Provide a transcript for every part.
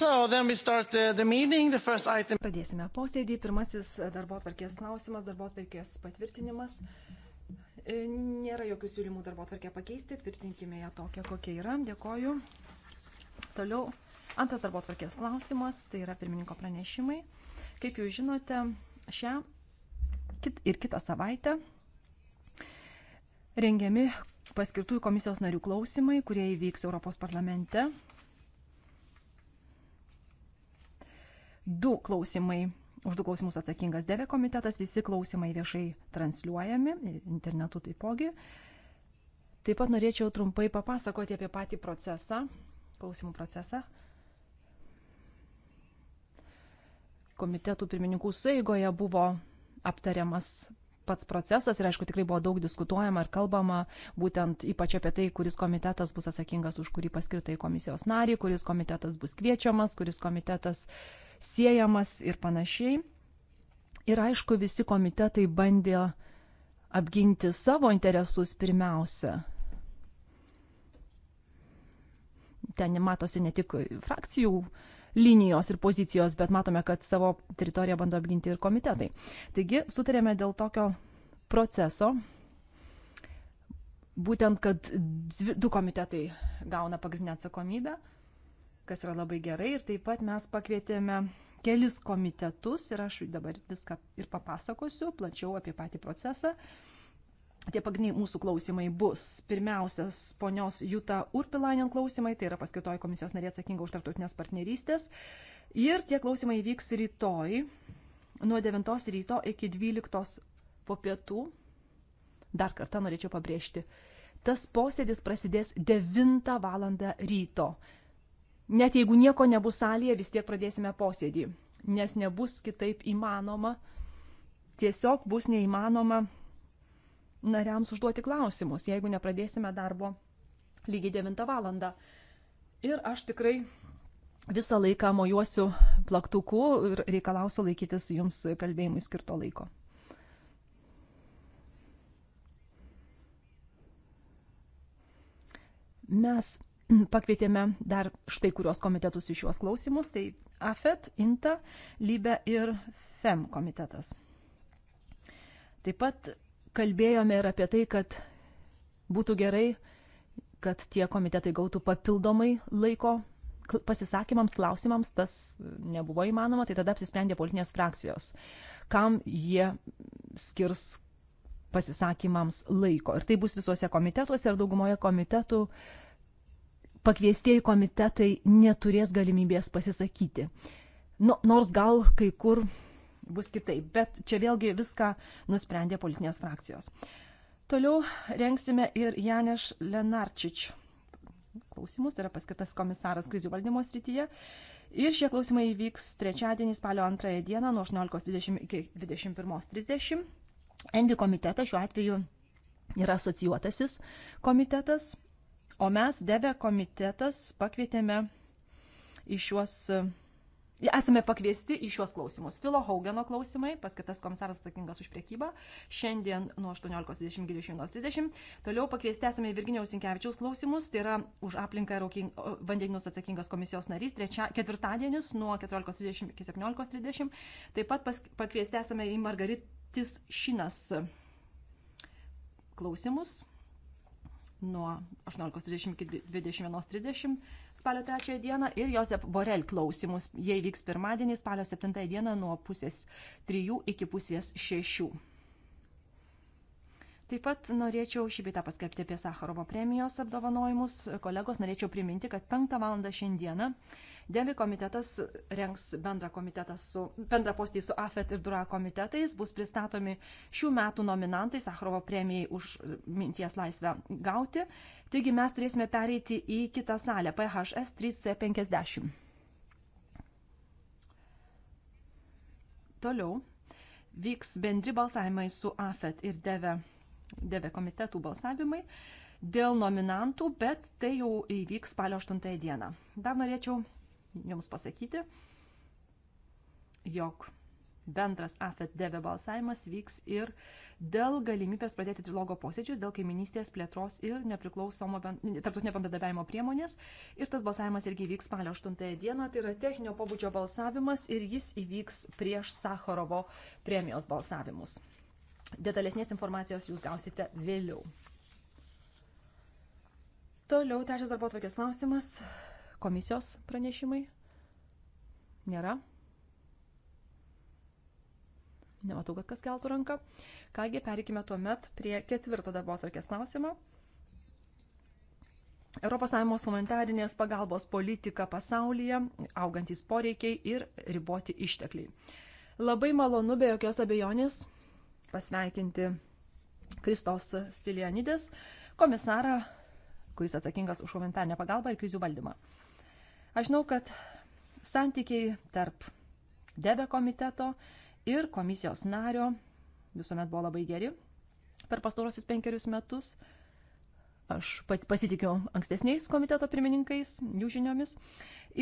So, the Pradėsime posėdį. Pirmasis darbo atvarkės klausimas, darbo atvarkės patvirtinimas. E, nėra jokių siūlymų darbo atvarkę pakeisti, tvirtinkime ją tokią, kokia yra. Dėkoju. Toliau antras darbo atvarkės klausimas, tai yra pirmininko pranešimai. Kaip jūs žinote, šią kit, ir kitą savaitę rengiami paskirtųjų komisijos narių klausimai, kurie įvyks Europos parlamente du klausimai. Už du klausimus atsakingas Deve komitetas, visi klausimai viešai transliuojami, internetu taipogi. Taip pat norėčiau trumpai papasakoti apie patį procesą, klausimų procesą. Komitetų pirmininkų sueigoje buvo aptariamas pats procesas ir aišku tikrai buvo daug diskutuojama ir kalbama būtent ypač apie tai, kuris komitetas bus atsakingas už kurį paskirtai komisijos narį, kuris komitetas bus kviečiamas, kuris komitetas uh, siejamas ir panašiai. Ir aišku, visi komitetai bandė apginti savo interesus pirmiausia. Ten matosi ne tik frakcijų linijos ir pozicijos, bet matome, kad savo teritoriją bando apginti ir komitetai. Taigi sutarėme dėl tokio proceso, būtent, kad du komitetai gauna pagrindinę atsakomybę kas yra labai gerai. Ir taip pat mes pakvietėme kelis komitetus ir aš dabar viską ir papasakosiu plačiau apie patį procesą. Tie pagrindiniai mūsų klausimai bus. Pirmiausias ponios Juta Urpilainen klausimai, tai yra paskirtoji komisijos narė atsakinga už tarptautinės partnerystės. Ir tie klausimai vyks rytoj nuo 9 ryto iki 12 po pietų. Dar kartą norėčiau pabrėžti. Tas posėdis prasidės 9 val. ryto net jeigu nieko nebus salėje, vis tiek pradėsime posėdį, nes nebus kitaip įmanoma, tiesiog bus neįmanoma nariams užduoti klausimus, jeigu nepradėsime darbo lygiai 9 val. Ir aš tikrai visą laiką mojuosiu plaktuku ir reikalausiu laikytis jums kalbėjimui skirto laiko. Mes pakvietėme dar štai kurios komitetus iš juos klausimus, tai AFET, INTA, LYBE ir FEM komitetas. Taip pat kalbėjome ir apie tai, kad būtų gerai, kad tie komitetai gautų papildomai laiko pasisakymams, klausimams, tas nebuvo įmanoma, tai tada apsisprendė politinės frakcijos, kam jie skirs pasisakymams laiko. Ir tai bus visuose komitetuose ir daugumoje komitetų uh, pakviestieji komitetai neturės galimybės pasisakyti. Nu, nors gal kai kur bus kitaip, bet čia vėlgi viską nusprendė politinės frakcijos. Toliau rengsime ir Janeš Lenarčič klausimus, tai yra paskirtas komisaras krizių valdymo srityje. Ir šie klausimai įvyks trečiadienį spalio antrąją dieną nuo 18.20 iki 21.30. Endi komitetas šiuo atveju yra asocijuotasis komitetas O mes, Debe komitetas, pakvietėme į šiuos, esame pakviesti į šiuos klausimus. Filo Haugeno klausimai, paskirtas komisaras atsakingas už priekybą, šiandien nuo 18.20-21.30. Toliau pakviesti esame į Virginiaus Sinkevičiaus klausimus, tai yra už aplinką ir vandeninus atsakingas komisijos narys, trečia, ketvirtadienis nuo 14.30 iki 17.30. Taip pat pas, pakviesti esame į Margaritis Šinas klausimus nuo 18.30 iki 21.30 spalio 3 dieną ir Josep Borel klausimus. Jie vyks pirmadienį spalio 7 dieną nuo pusės 3 iki pusės 6. Taip pat norėčiau šį bitą paskelbti apie Sakarovo premijos apdovanojimus. Kolegos, norėčiau priminti, kad 5 val. šiandieną Dėvi komitetas rengs bendrą, su, bendrą postį su AFET ir DURA komitetais, bus pristatomi šių metų nominantai Sakrovo premijai už minties laisvę gauti. Taigi mes turėsime pereiti į kitą salę PHS 3C50. Toliau vyks bendri balsavimai su AFET ir DEVE, DEVE komitetų balsavimai dėl nominantų, bet tai jau įvyks spalio 8 dieną. Dar norėčiau jums pasakyti, jog bendras AFET devė balsavimas vyks ir dėl galimybės pradėti trilogo posėdžius, dėl kaiminystės plėtros ir nepriklausomo ben... tarptautinio bendradarbiavimo priemonės. Ir tas balsavimas irgi vyks spalio 8 dieną, tai yra techninio pobūdžio balsavimas ir jis įvyks prieš Sakharovo premijos balsavimus. Detalesnės informacijos jūs gausite vėliau. Toliau trečias darbo atvarkės klausimas Komisijos pranešimai? Nėra. Nematau, kad kas keltų ranką. Kągi, perikime tuo met prie ketvirto darbo atvarkės klausimo. ES humanitarinės pagalbos politika pasaulyje, augantys poreikiai ir riboti ištekliai. Labai malonu be jokios abejonės pasveikinti Kristos Stilianidės, komisarą, kuris atsakingas už humanitarinę pagalbą ir krizių valdymą. Aš žinau, kad santykiai tarp debe komiteto ir komisijos nario visuomet buvo labai geri. Per pastarosius penkerius metus aš pasitikiu ankstesniais komiteto pirmininkais, jų žiniomis.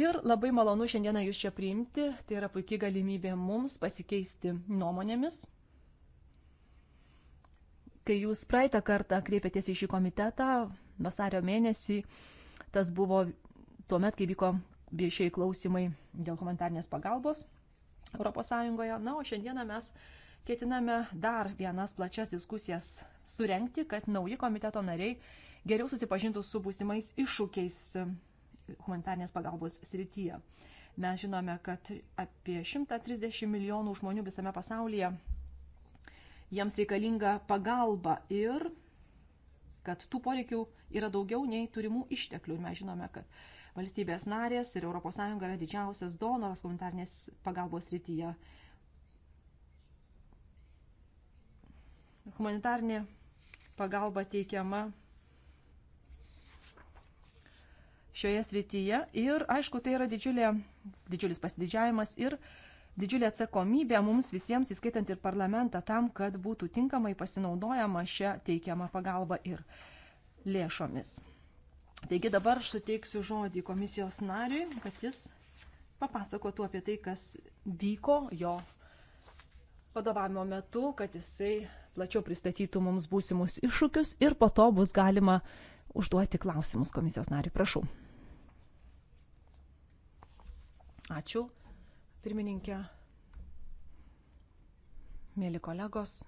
Ir labai malonu šiandieną jūs čia priimti. Tai yra puikia galimybė mums pasikeisti nuomonėmis. Kai jūs praeitą kartą kreipėtės į šį komitetą, vasario mėnesį, tas buvo tuomet, kai vyko viešieji klausimai dėl humanitarnės pagalbos ES. Na, o šiandieną mes ketiname dar vienas plačias diskusijas surenkti, kad nauji komiteto nariai geriau susipažintų su būsimais iššūkiais humanitarnės pagalbos srityje. Mes žinome, kad apie 130 milijonų žmonių visame pasaulyje jiems reikalinga pagalba ir kad tų poreikių yra daugiau nei turimų išteklių. Mes žinome, kad Valstybės narės ir ES yra didžiausias donoras humanitarnės pagalbos rytyje. Humanitarnė pagalba teikiama šioje srityje ir, aišku, tai yra didžiulė, didžiulis pasididžiavimas ir didžiulė atsakomybė mums visiems, įskaitant ir parlamentą, tam, kad būtų tinkamai pasinaudojama šią teikiamą pagalbą ir lėšomis. Taigi dabar suteiksiu žodį komisijos nariui, kad jis papasakotų apie tai, kas vyko jo vadovavimo metu, kad jisai plačiau pristatytų mums būsimus iššūkius ir po to bus galima užduoti klausimus komisijos nariui. Prašau. Ačiū, pirmininkė, mėly kolegos.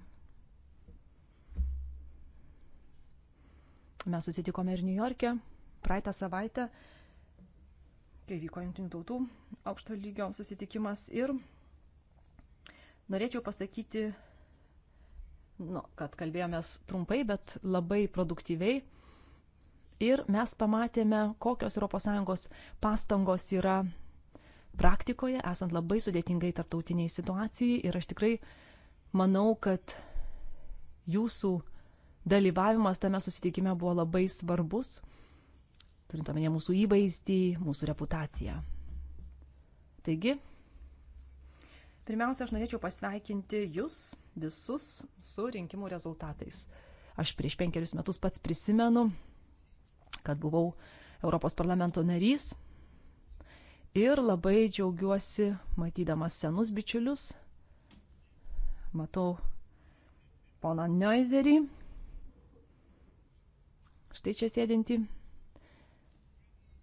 Mes susitikome ir Niujorke praeitą savaitę, kai vyko Junktinių tautų aukšto lygio susitikimas ir norėčiau pasakyti, nu, kad kalbėjomės trumpai, bet labai produktyviai. Ir mes pamatėme, kokios ES pastangos yra praktikoje, esant labai sudėtingai tarptautiniai situacijai. Ir aš tikrai manau, kad jūsų dalyvavimas tame susitikime buvo labai svarbus turint omenyje mūsų įvaizdį, mūsų reputaciją. Taigi, pirmiausia, aš norėčiau pasveikinti jūs visus su rinkimų rezultatais. Aš prieš penkerius metus pats prisimenu, kad buvau Europos parlamento narys ir labai džiaugiuosi matydamas senus bičiulius. Matau poną Neuzerį, štai čia sėdinti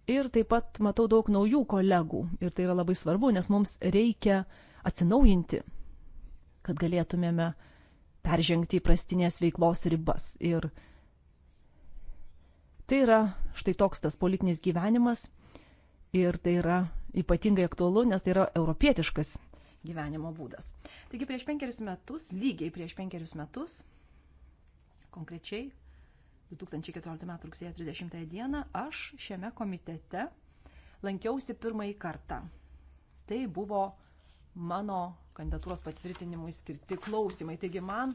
Ir taip pat matau daug naujų kolegų. Ir tai yra labai svarbu, nes mums reikia atsinaujinti, kad galėtumėme peržengti įprastinės veiklos ribas. Ir tai yra štai toks tas politinis gyvenimas. Ir tai yra ypatingai aktualu, nes tai yra europietiškas gyvenimo būdas. Taigi prieš penkerius metus, lygiai prieš penkerius metus, konkrečiai 2014 m. rugsėjo 30 d. aš šiame komitete lankiausi pirmąjį kartą. Tai buvo mano kandidatūros patvirtinimui skirti klausimai. Taigi man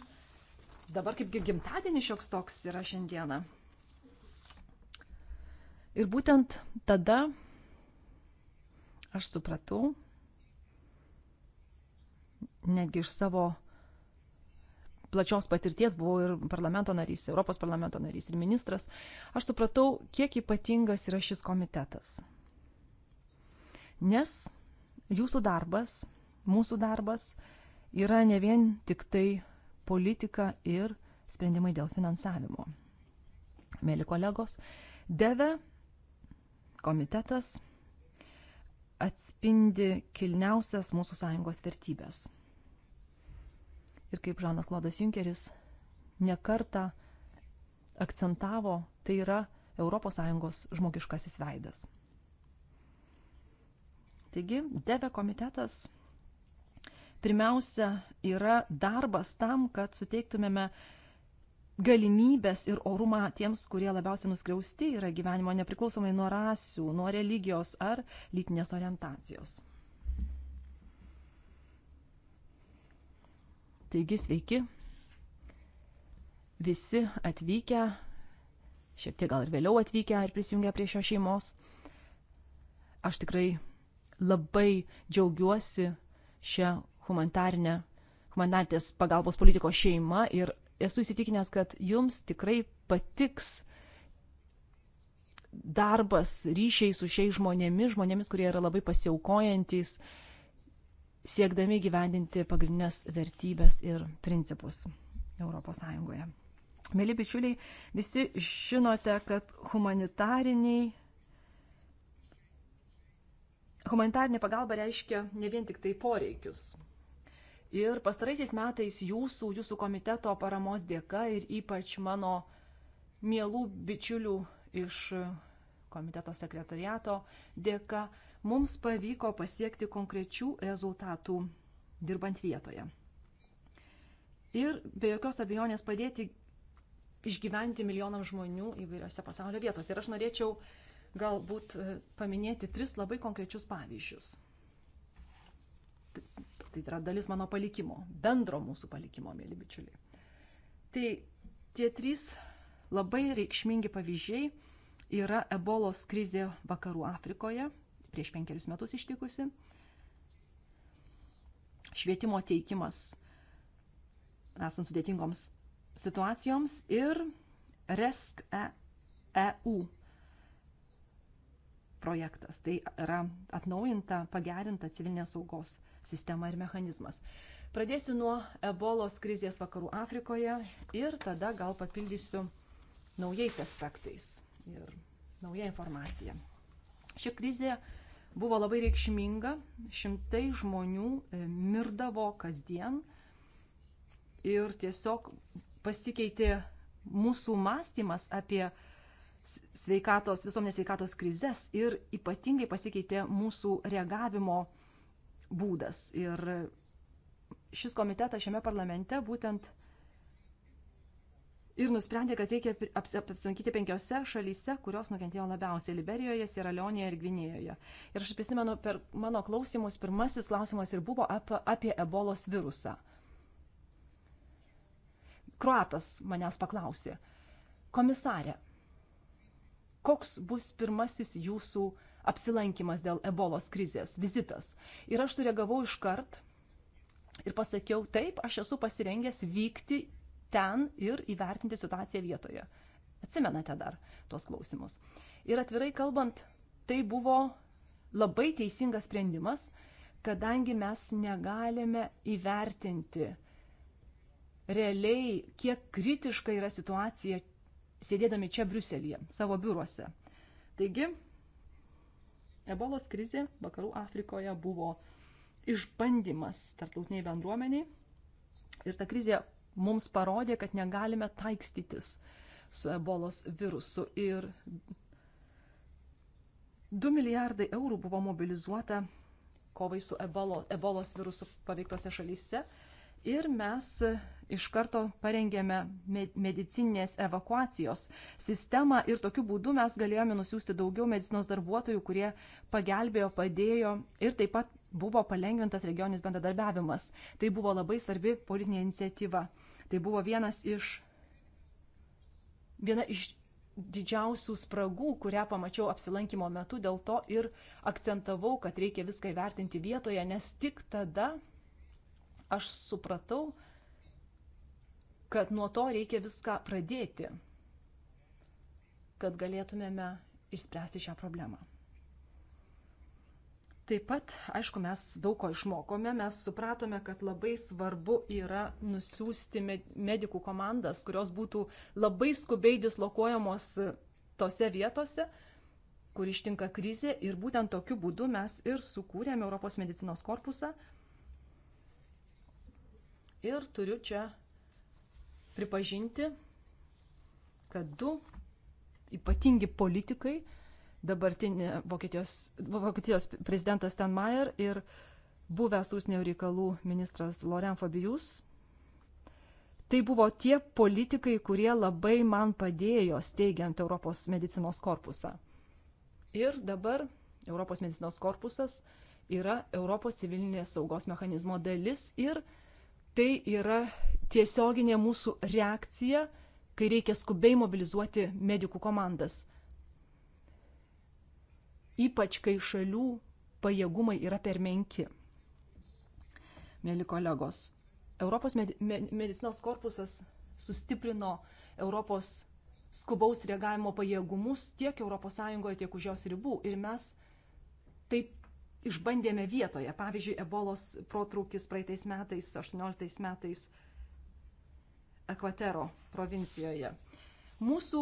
dabar kaip gimtadienis šioks toks yra šiandieną. Ir būtent tada aš supratau, netgi iš savo plačios patirties, buvau ir parlamento narys, Europos parlamento narys ir ministras, aš supratau, kiek ypatingas yra šis komitetas. Nes jūsų darbas, mūsų darbas yra ne vien tik tai politika ir sprendimai dėl finansavimo. Mėly kolegos, Deve komitetas atspindi kilniausias mūsų sąjungos vertybės ir kaip Žanas Klodas Junkeris nekarta akcentavo, tai yra ES žmogiškasis veidas. Taigi, DEVE komitetas pirmiausia yra darbas tam, kad suteiktumėme galimybės ir orumą tiems, kurie labiausiai nuskriausti yra gyvenimo nepriklausomai nuo rasių, nuo religijos ar lytinės orientacijos. Taigi sveiki visi atvykę, šiek tiek gal ir vėliau atvykę ir prisijungę prie šios šeimos. Aš tikrai labai džiaugiuosi šią humanitarinę, humanitarės pagalbos politikos šeimą ir esu įsitikinęs, kad jums tikrai patiks darbas ryšiai su šiais žmonėmis, žmonėmis, kurie yra labai pasiaukojantis, uh, siekdami gyvendinti pagrindinės vertybės ir principus ES. Mėly bičiuliai, visi žinote, kad humanitariniai Humanitarinė pagalba reiškia ne vien tik tai poreikius. Ir pastaraisiais metais jūsų, jūsų komiteto paramos dėka ir ypač mano mielų bičiulių iš komiteto sekretoriato dėka mums pavyko pasiekti konkrečių rezultatų dirbant vietoje. Ir be jokios abejonės padėti išgyventi milijonam žmonių įvairiose pasaulio vietose. Ir aš norėčiau galbūt e, paminėti tris labai konkrečius pavyzdžius. Tai yra dalis mano palikimo, bendro mūsų palikimo, mėly bičiuliai. Tai tie trys labai reikšmingi pavyzdžiai yra ebolos krizė vakarų Afrikoje prieš penkerius metus ištikusi. Švietimo teikimas esant sudėtingoms situacijoms ir RESC EU e projektas. Tai yra atnaujinta, pagerinta civilinės saugos sistema ir mechanizmas. Pradėsiu nuo ebolos krizės vakarų Afrikoje ir tada gal papildysiu naujais aspektais ir nauja informacija. Ši krizė buvo labai reikšminga, šimtai žmonių e, mirdavo kasdien ir tiesiog pasikeitė mūsų mąstymas apie sveikatos, visuomenės sveikatos krizės ir ypatingai pasikeitė mūsų reagavimo būdas. Ir šis komitetas šiame parlamente būtent ir nusprendė, kad reikia apsilankyti penkiose šalyse, kurios nukentėjo labiausiai - Liberijoje, Sierra Leonėje ir Gvinėjoje. Ir aš prisimenu, per mano klausimus pirmasis klausimas ir buvo apie, apie ebolos virusą. Kroatas manęs paklausė, komisarė, koks bus pirmasis jūsų apsilankimas dėl ebolos krizės, vizitas? Ir aš sureagavau iš kart. Ir pasakiau, taip, aš esu pasirengęs vykti ten ir įvertinti situaciją vietoje. Atsimenate dar tuos klausimus. Ir atvirai kalbant, tai buvo labai teisingas sprendimas, kadangi mes negalime įvertinti realiai, kiek kritiška yra situacija sėdėdami čia Briuselėje, savo biuruose. Taigi, ebolos krizė vakarų Afrikoje buvo išbandymas tarptautiniai bendruomeniai ir ta krizė mums parodė, kad negalime taikstytis su ebolos virusu. Ir 2 milijardai eurų buvo mobilizuota kovai su ebolo, ebolos virusu paveiktose šalyse. Ir mes iš karto parengėme medicinės evakuacijos sistemą ir tokiu būdu mes galėjome nusiųsti daugiau medicinos darbuotojų, kurie pagelbėjo, padėjo ir taip pat buvo palengvintas regioninis bendradarbiavimas. Tai buvo labai svarbi politinė iniciatyva. Tai buvo vienas iš, viena iš didžiausių spragų, kurią pamačiau apsilankimo metu, dėl to ir akcentavau, kad reikia viską įvertinti vietoje, nes tik tada aš supratau, kad nuo to reikia viską pradėti, kad galėtumėme išspręsti šią problemą. Taip pat, aišku, mes daug ko išmokome, mes supratome, kad labai svarbu yra nusiųsti medikų komandas, kurios būtų labai skubiai dislokuojamos e, tose vietose, kur ištinka krizė ir būtent tokiu būdu mes ir sukūrėme Europos medicinos korpusą. Ir turiu čia pripažinti, kad du ypatingi politikai, dabartinė Vokietijos, Vokietijos prezidentas Tenmayer ir buvęs užsienio reikalų ministras Loren Fabijus. Tai buvo tie politikai, kurie labai man padėjo steigiant Europos medicinos korpusą. Ir dabar Europos medicinos korpusas yra Europos civilinės saugos mechanizmo dalis ir tai yra tiesioginė mūsų reakcija, kai reikia skubiai mobilizuoti medikų komandas ypač kai šalių pajėgumai yra per menki. Mėly kolegos, Europos medicinos korpusas sustiprino Europos skubaus reagavimo pajėgumus tiek ES, tiek už jos ribų. Ir mes taip išbandėme vietoje. Pavyzdžiui, ebolos protrūkis praeitais metais, 18 metais Ekvatero provincijoje. Mūsų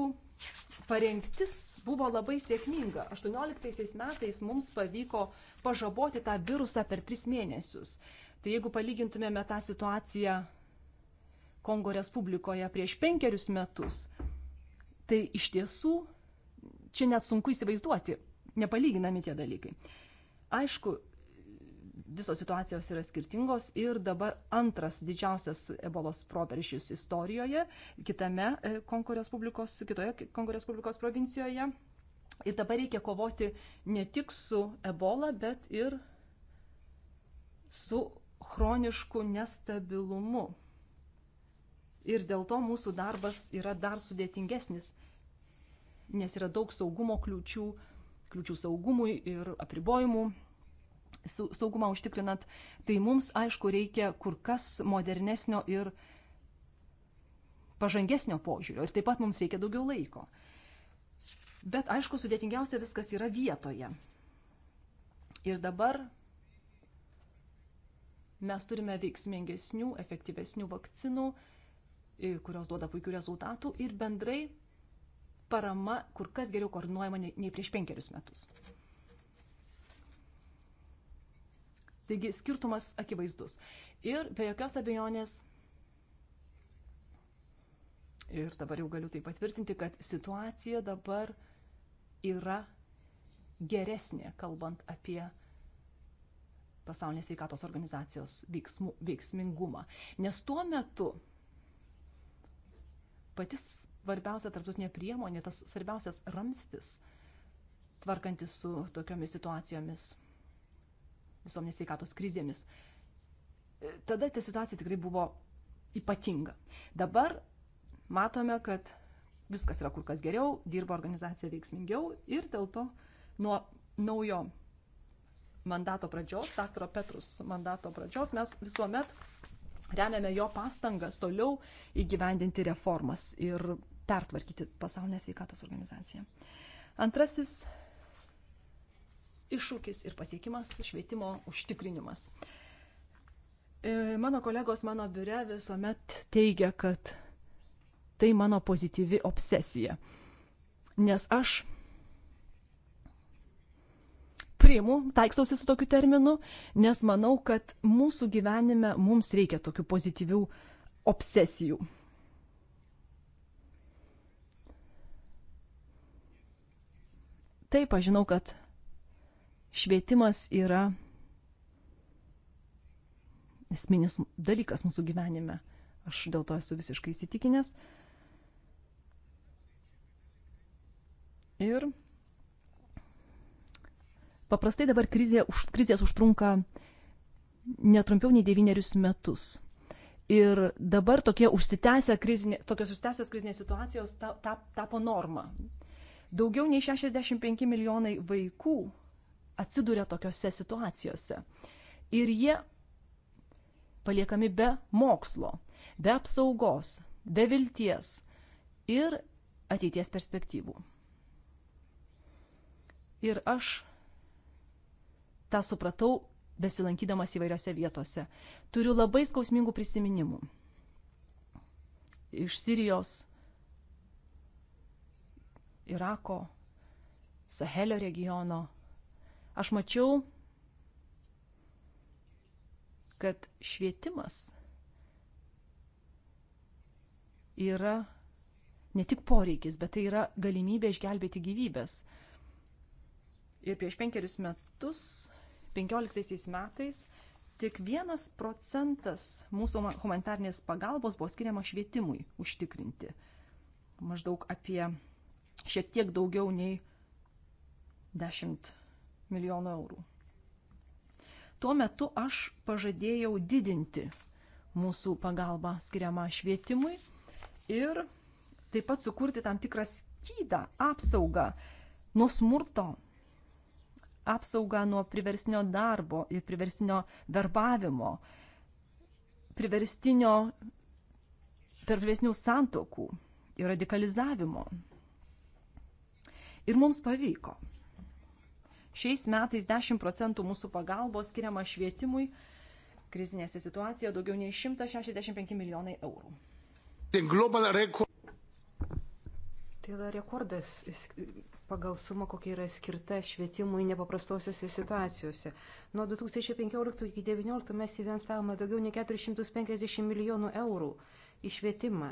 parengtis buvo labai sėkminga. 18 metais mums pavyko pažaboti tą virusą per 3 mėnesius. Tai jeigu palygintumėme tą situaciją Kongo Respublikoje prieš penkerius metus, tai iš tiesų čia net sunku įsivaizduoti, nepalyginami tie dalykai. Aišku, visos situacijos yra skirtingos ir dabar antras didžiausias ebolos proveršis istorijoje, kitame e, Kongo Respublikos, kitoje Kongo Respublikos provincijoje. Ir dabar reikia kovoti ne tik su ebola, bet ir su chronišku nestabilumu. Ir dėl to mūsų darbas yra dar sudėtingesnis, nes yra daug saugumo kliūčių, kliūčių saugumui ir apribojimų saugumą užtikrinant, tai mums aišku reikia kur kas modernesnio ir pažangesnio požiūrio ir taip pat mums reikia daugiau laiko. Bet aišku, sudėtingiausia viskas yra vietoje. Ir dabar mes turime veiksmingesnių, efektyvesnių vakcinų, kurios duoda puikių rezultatų ir bendrai parama kur kas geriau koordinuojama nei prieš penkerius metus. Taigi skirtumas akivaizdus. Ir be jokios abejonės, ir dabar jau galiu tai patvirtinti, kad situacija dabar yra geresnė, kalbant apie pasaulinės veikatos organizacijos veiksmų, veiksmingumą. Nes tuo metu patys svarbiausia tarptautinė priemonė, tas svarbiausias ramstis, tvarkantis su tokiomis situacijomis, visuomenės veikatos krizėmis. E, tada ta situacija tikrai buvo ypatinga. Dabar matome, kad viskas yra kur kas geriau, dirba organizacija veiksmingiau ir dėl to nuo naujo mandato pradžios, daktaro Petrus mandato pradžios, mes visuomet remiame jo pastangas toliau įgyvendinti reformas ir pertvarkyti pasaulinę sveikatos organizaciją. Antrasis iššūkis ir pasiekimas švietimo užtikrinimas. E, mano kolegos mano biure visuomet teigia, kad tai mano pozityvi obsesija. Nes aš priimu, taikstausi su tokiu terminu, nes manau, kad mūsų gyvenime mums reikia tokių pozityvių obsesijų. Taip, aš žinau, kad švietimas yra esminis dalykas mūsų gyvenime. Aš dėl to esu visiškai įsitikinęs. Ir paprastai dabar krizė, už, krizės užtrunka netrumpiau nei devynerius metus. Ir dabar tokie užsitęsę krizinė, tokios užsitęsios krizinės situacijos ta, ta, tapo norma. Daugiau nei 65 milijonai vaikų atsiduria tokiose situacijose. Ir jie paliekami be mokslo, be apsaugos, be vilties ir ateities perspektyvų. Ir aš tą supratau besilankydamas įvairiose vietose. Turiu labai skausmingų prisiminimų. Iš Sirijos, Irako, Sahelio regiono, Aš mačiau, kad švietimas yra ne tik poreikis, bet tai yra galimybė išgelbėti gyvybės. Ir prieš penkerius metus, penkioliktaisiais metais, tik vienas procentas mūsų humanitarnės pagalbos buvo skiriama švietimui užtikrinti. Maždaug apie šiek tiek daugiau nei 10 milijonų eurų. Tuo metu aš pažadėjau didinti mūsų pagalbą skiriamą švietimui ir taip pat sukurti tam tikrą skydą, apsaugą nuo smurto, apsaugą nuo priverstinio darbo ir priverstinio verbavimo, priverstinio perversnių santokų ir radikalizavimo. Ir mums pavyko. Šiais metais 10 procentų mūsų pagalbos skiriama švietimui, krizinėse situacijoje daugiau nei 165 milijonai eurų. Tai yra rekordas pagal sumą, kokia yra skirta švietimui nepaprastosiuose situacijose. Nuo 2015 iki 2019 mes investavome daugiau nei 450 milijonų eurų į švietimą,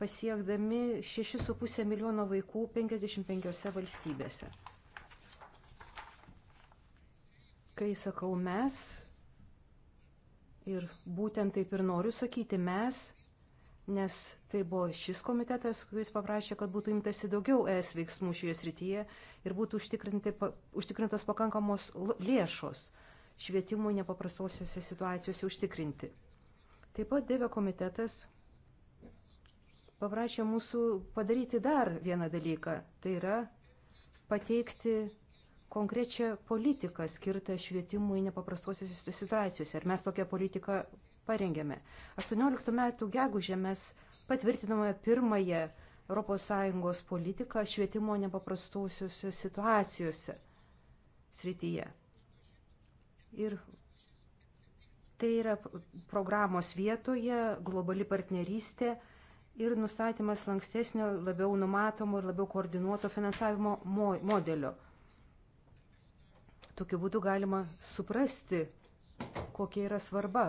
pasiekdami 6,5 milijono vaikų 55 valstybėse. Kai sakau mes, ir būtent taip ir noriu sakyti mes, nes tai buvo šis komitetas, kuris paprašė, kad būtų imtasi daugiau ES veiksmų šioje srityje ir būtų užtikrintas pakankamos lėšos švietimui nepaprastosiuose situacijose užtikrinti. Taip pat Dėvė komitetas paprašė mūsų padaryti dar vieną dalyką, tai yra pateikti konkrečią politiką skirtą švietimui nepaprastosios situacijose. Ir mes tokią politiką parengėme. 18 metų gegužė mes patvirtinome pirmąją ES politiką švietimo nepaprastosios situacijose srityje. Ir tai yra programos vietoje, globali partnerystė ir nustatymas lankstesnio, labiau numatomo ir labiau koordinuoto finansavimo modelio. Tokiu būdu galima suprasti, kokia yra svarba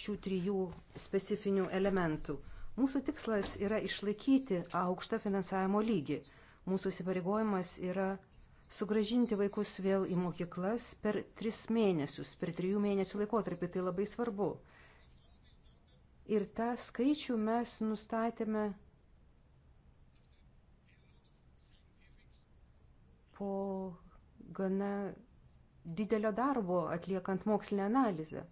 šių trijų specifinių elementų. Mūsų tikslas yra išlaikyti aukštą finansavimo lygį. Mūsų įsipareigojimas yra sugražinti vaikus vėl į mokyklas per tris mėnesius, per trijų mėnesių laikotarpį. Tai labai svarbu. Ir tą skaičių mes nustatėme po gana didelio darbo atliekant mokslinę analizę.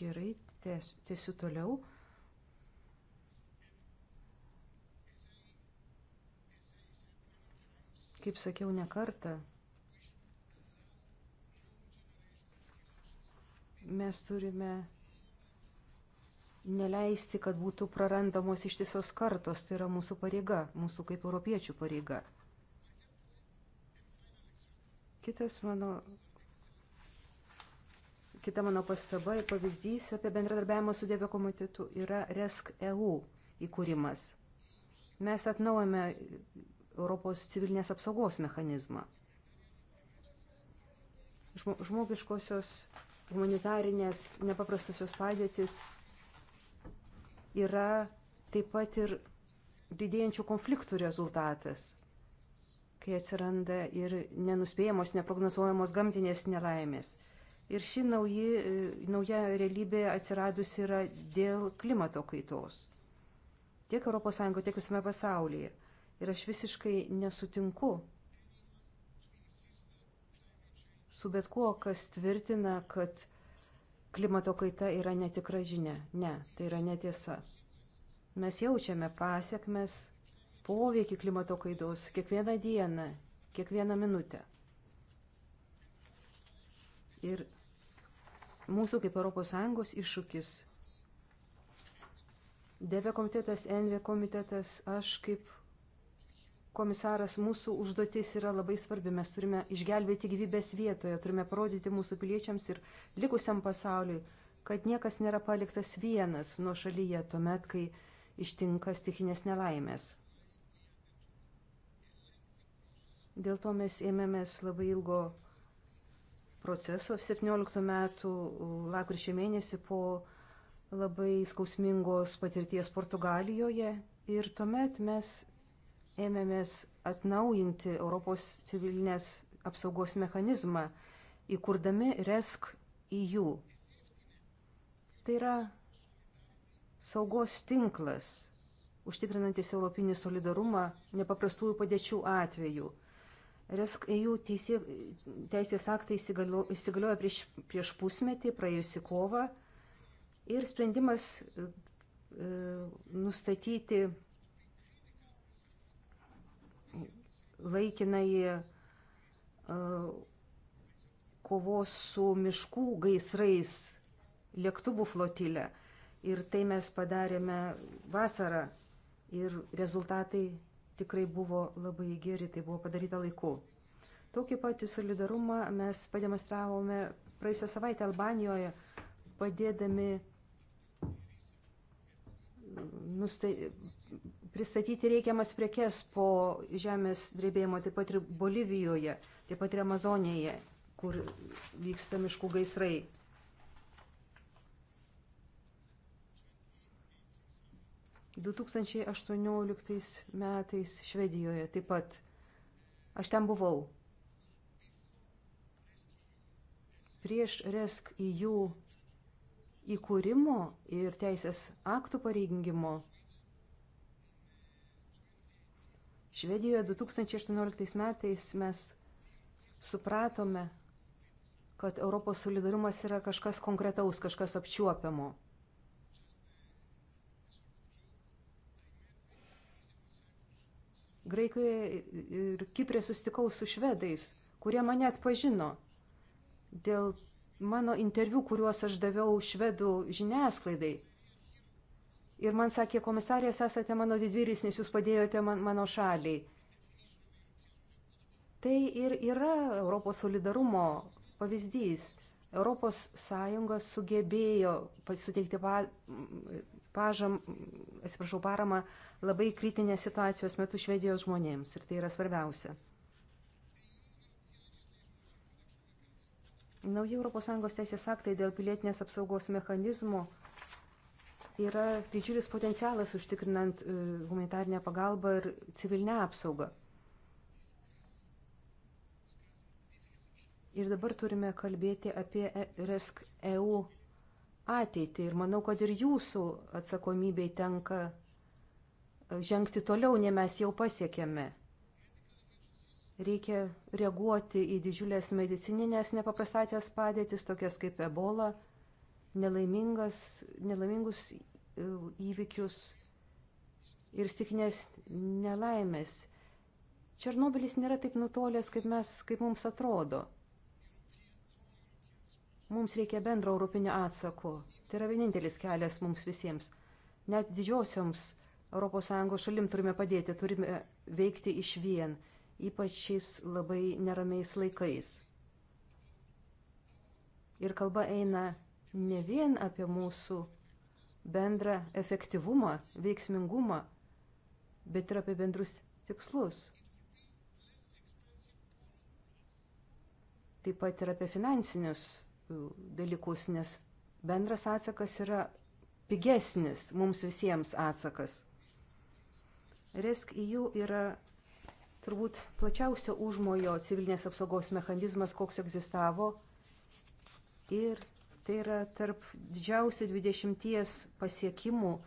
Gerai, tęsiu toliau. Kaip sakiau ne kartą, Mes turime neleisti, kad būtų prarandamos ištisos kartos. Tai yra mūsų pareiga, mūsų kaip europiečių pareiga. Kitas mano, kita mano pastaba ir pavyzdys apie bendradarbiavimą su Dievo komitetu yra RESC EU įkūrimas. Mes atnaujame Europos civilinės apsaugos mechanizmą. Žmogiškosios humanitarinės nepaprastosios padėtis yra taip pat ir didėjančių konfliktų rezultatas, kai atsiranda ir nenuspėjamos, neprognozuojamos gamtinės nelaimės. Ir ši nauji, e, nauja realybė atsiradusi yra dėl klimato kaitos. Tiek ES, tiek visame pasaulyje. Ir aš visiškai nesutinku su bet kuo, kas tvirtina, kad klimato kaita yra netikra žinia. Ne, tai yra netiesa. Mes jaučiame pasiekmes, poveikį klimato kaitos kiekvieną dieną, kiekvieną minutę. Ir mūsų kaip ES iššūkis. Deve komitetas, Enve komitetas, aš kaip komisaras, mūsų užduotis yra labai svarbi. Mes turime išgelbėti gyvybės vietoje, turime parodyti mūsų piliečiams ir likusiam pasauliui, kad niekas nėra paliktas vienas nuo šalyje tuomet, kai ištinka stikinės nelaimės. Dėl to mes ėmėmės labai ilgo proceso 17 metų lakryčio mėnesį po labai skausmingos patirties Portugalijoje ir tuomet mes ėmėmės atnaujinti Europos civilinės apsaugos mechanizmą, įkurdami RESC EU. Tai yra saugos tinklas, užtikrinantis europinį solidarumą nepaprastųjų padėčių atveju. RESC EU teisė, teisės aktai įsigalioja prieš, prieš pusmetį, praėjusi kovą ir sprendimas e, e nustatyti laikinai e, kovos su miškų gaisrais lėktuvų flotilę. Ir tai mes padarėme vasarą ir rezultatai tikrai buvo labai geri, tai buvo padaryta laiku. Tokį patį solidarumą mes pademonstravome praėjusią savaitę Albanijoje, padėdami e, nustai, pristatyti reikiamas prekes po žemės drebėjimo, taip pat ir Bolivijoje, taip pat ir Amazonėje, kur vyksta miškų gaisrai. Du 2018 metais Švedijoje taip pat. Aš ten buvau. Prieš RESK į e jų įkūrimo ir teisės aktų pareigingimo Švedijoje 2018 metais mes supratome, kad Europos solidarumas yra kažkas konkretaus, kažkas apčiuopiamo. Graikijoje ir Kiprė sustikau su švedais, kurie mane atpažino dėl mano interviu, kuriuos aš daviau švedų žiniasklaidai. Ir man sakė, komisarė, jūs esate mano didvyris, nes jūs padėjote man, mano šaliai. Tai ir yra Europos solidarumo pavyzdys. Europos Sąjunga sugebėjo suteikti pa, pažam, atsiprašau, paramą labai kritinės situacijos metu Švedijos žmonėms ir tai yra svarbiausia. Nauji ES teisės aktai dėl pilietinės apsaugos mechanizmo yra didžiulis potencialas užtikrinant e, humanitarnę pagalbą ir civilinę apsaugą. Ir dabar turime kalbėti apie e, RESC EU ateitį. Ir manau, kad ir jūsų atsakomybei tenka e, žengti toliau, ne mes jau pasiekėme. Reikia reaguoti į didžiulės medicininės nepaprastatės padėtis, tokias kaip ebola – nelaimingus e, įvykius ir stiknės nelaimės. Černobilis nėra taip nutolęs, kaip, mes, kaip mums atrodo. Mums reikia bendro europinio atsako. Tai yra vienintelis kelias mums visiems. Net didžiosioms ES šalim turime padėti, turime veikti iš vien, ypač šiais labai neramiais laikais. Ir kalba eina ne vien apie mūsų bendrą efektyvumą, veiksmingumą, bet ir apie bendrus tikslus. Taip pat ir apie finansinius dalykus, nes bendras atsakas yra pigesnis mums visiems atsakas. Resk EU yra turbūt plačiausio užmojo civilinės apsaugos mechanizmas, koks egzistavo ir Tai yra tarp didžiausių 20 pasiekimų e,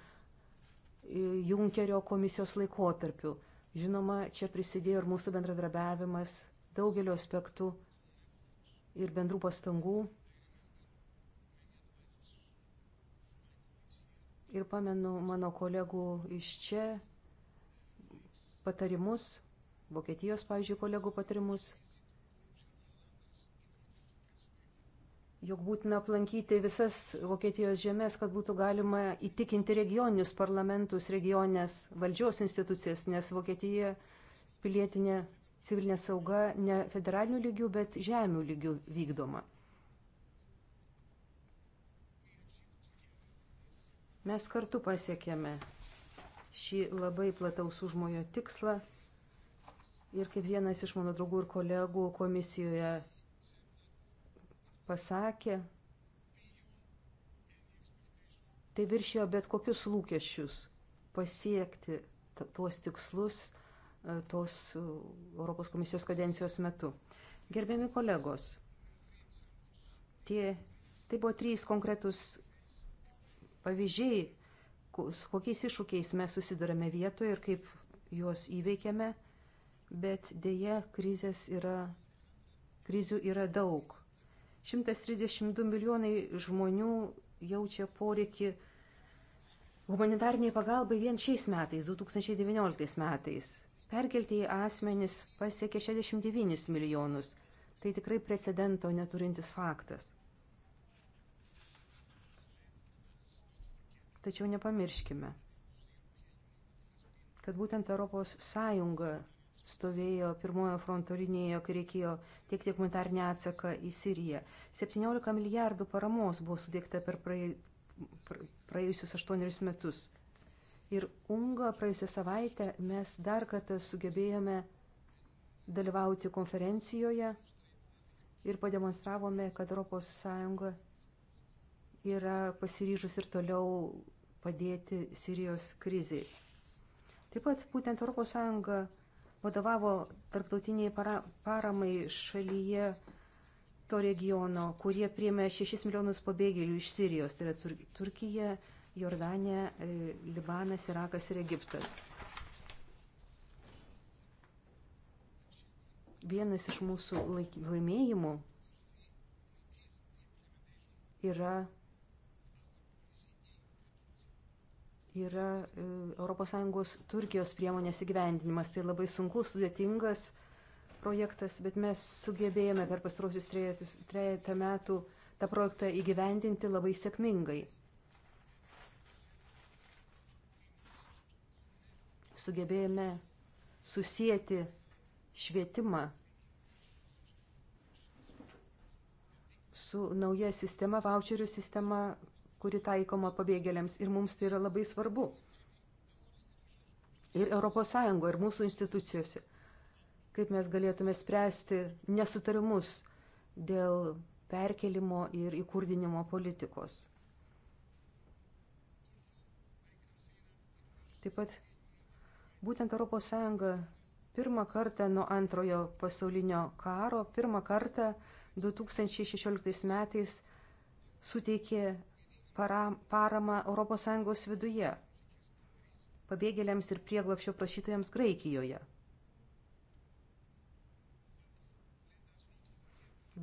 Junkerio komisijos laikotarpiu. Žinoma, čia prisidėjo ir mūsų bendradarbiavimas daugeliu aspektų ir bendrų pastangų. Ir pamenu mano kolegų iš čia patarimus, Vokietijos, pavyzdžiui, kolegų patarimus, jog būtina aplankyti visas Vokietijos žemės, kad būtų galima įtikinti regioninius parlamentus, regionės valdžios institucijas, nes Vokietija pilietinė civilinė sauga ne federalinių lygių, bet žemių lygių vykdoma. Mes kartu pasiekėme šį labai plataus užmojo tikslą ir kaip vienas iš mano draugų ir kolegų komisijoje pasakė, tai viršijo bet kokius lūkesčius pasiekti tuos tikslus e, tos e, Europos komisijos kadencijos metu. Gerbiami kolegos, tie, tai buvo trys konkretus pavyzdžiai, su kokiais iššūkiais mes susidurame vietoje ir kaip juos įveikiame, bet dėje krizės yra, krizių yra daug. 132 milijonai žmonių jaučia poreikį humanitarniai pagalbai vien šiais metais, 2019 metais. Perkeltieji asmenys pasiekė 69 milijonus. Tai tikrai precedento neturintis faktas. Tačiau nepamirškime, kad būtent ES stovėjo pirmojo fronto linijoje, kai reikėjo tiekti humanitarnį atsaką į Siriją. 17 milijardų paramos buvo sudėkta per praėjusius aštuonerius metus. Ir UNGA praėjusią savaitę mes dar kartą sugebėjome dalyvauti konferencijoje ir pademonstravome, kad ES yra pasiryžus ir toliau padėti Sirijos kriziai. Taip pat būtent ES vadovavo tarptautiniai para, paramai šalyje to regiono, kurie priemė 6 milijonus pabėgėlių iš Sirijos, tai yra Tur Turkija, Jordanija, e, Libanas, Irakas ir Egiptas. Vienas iš mūsų laimėjimų yra yra ES Turkijos priemonės įgyvendinimas. Tai labai sunkus, sudėtingas projektas, bet mes sugebėjome per pastarosius trejata metų tą projektą įgyvendinti labai sėkmingai. Sugebėjome susijęti švietimą su nauja sistema, voucherių sistema, kuri taikoma pabėgėliams ir mums tai yra labai svarbu. Ir ES, ir mūsų institucijose. Kaip mes galėtume spręsti nesutarimus dėl perkelimo ir įkurdinimo politikos. Taip pat būtent ES pirmą kartą nuo antrojo pasaulinio karo, pirmą kartą 2016 metais suteikė paramą ES viduje, pabėgėliams ir prieglapšio prašytojams Graikijoje.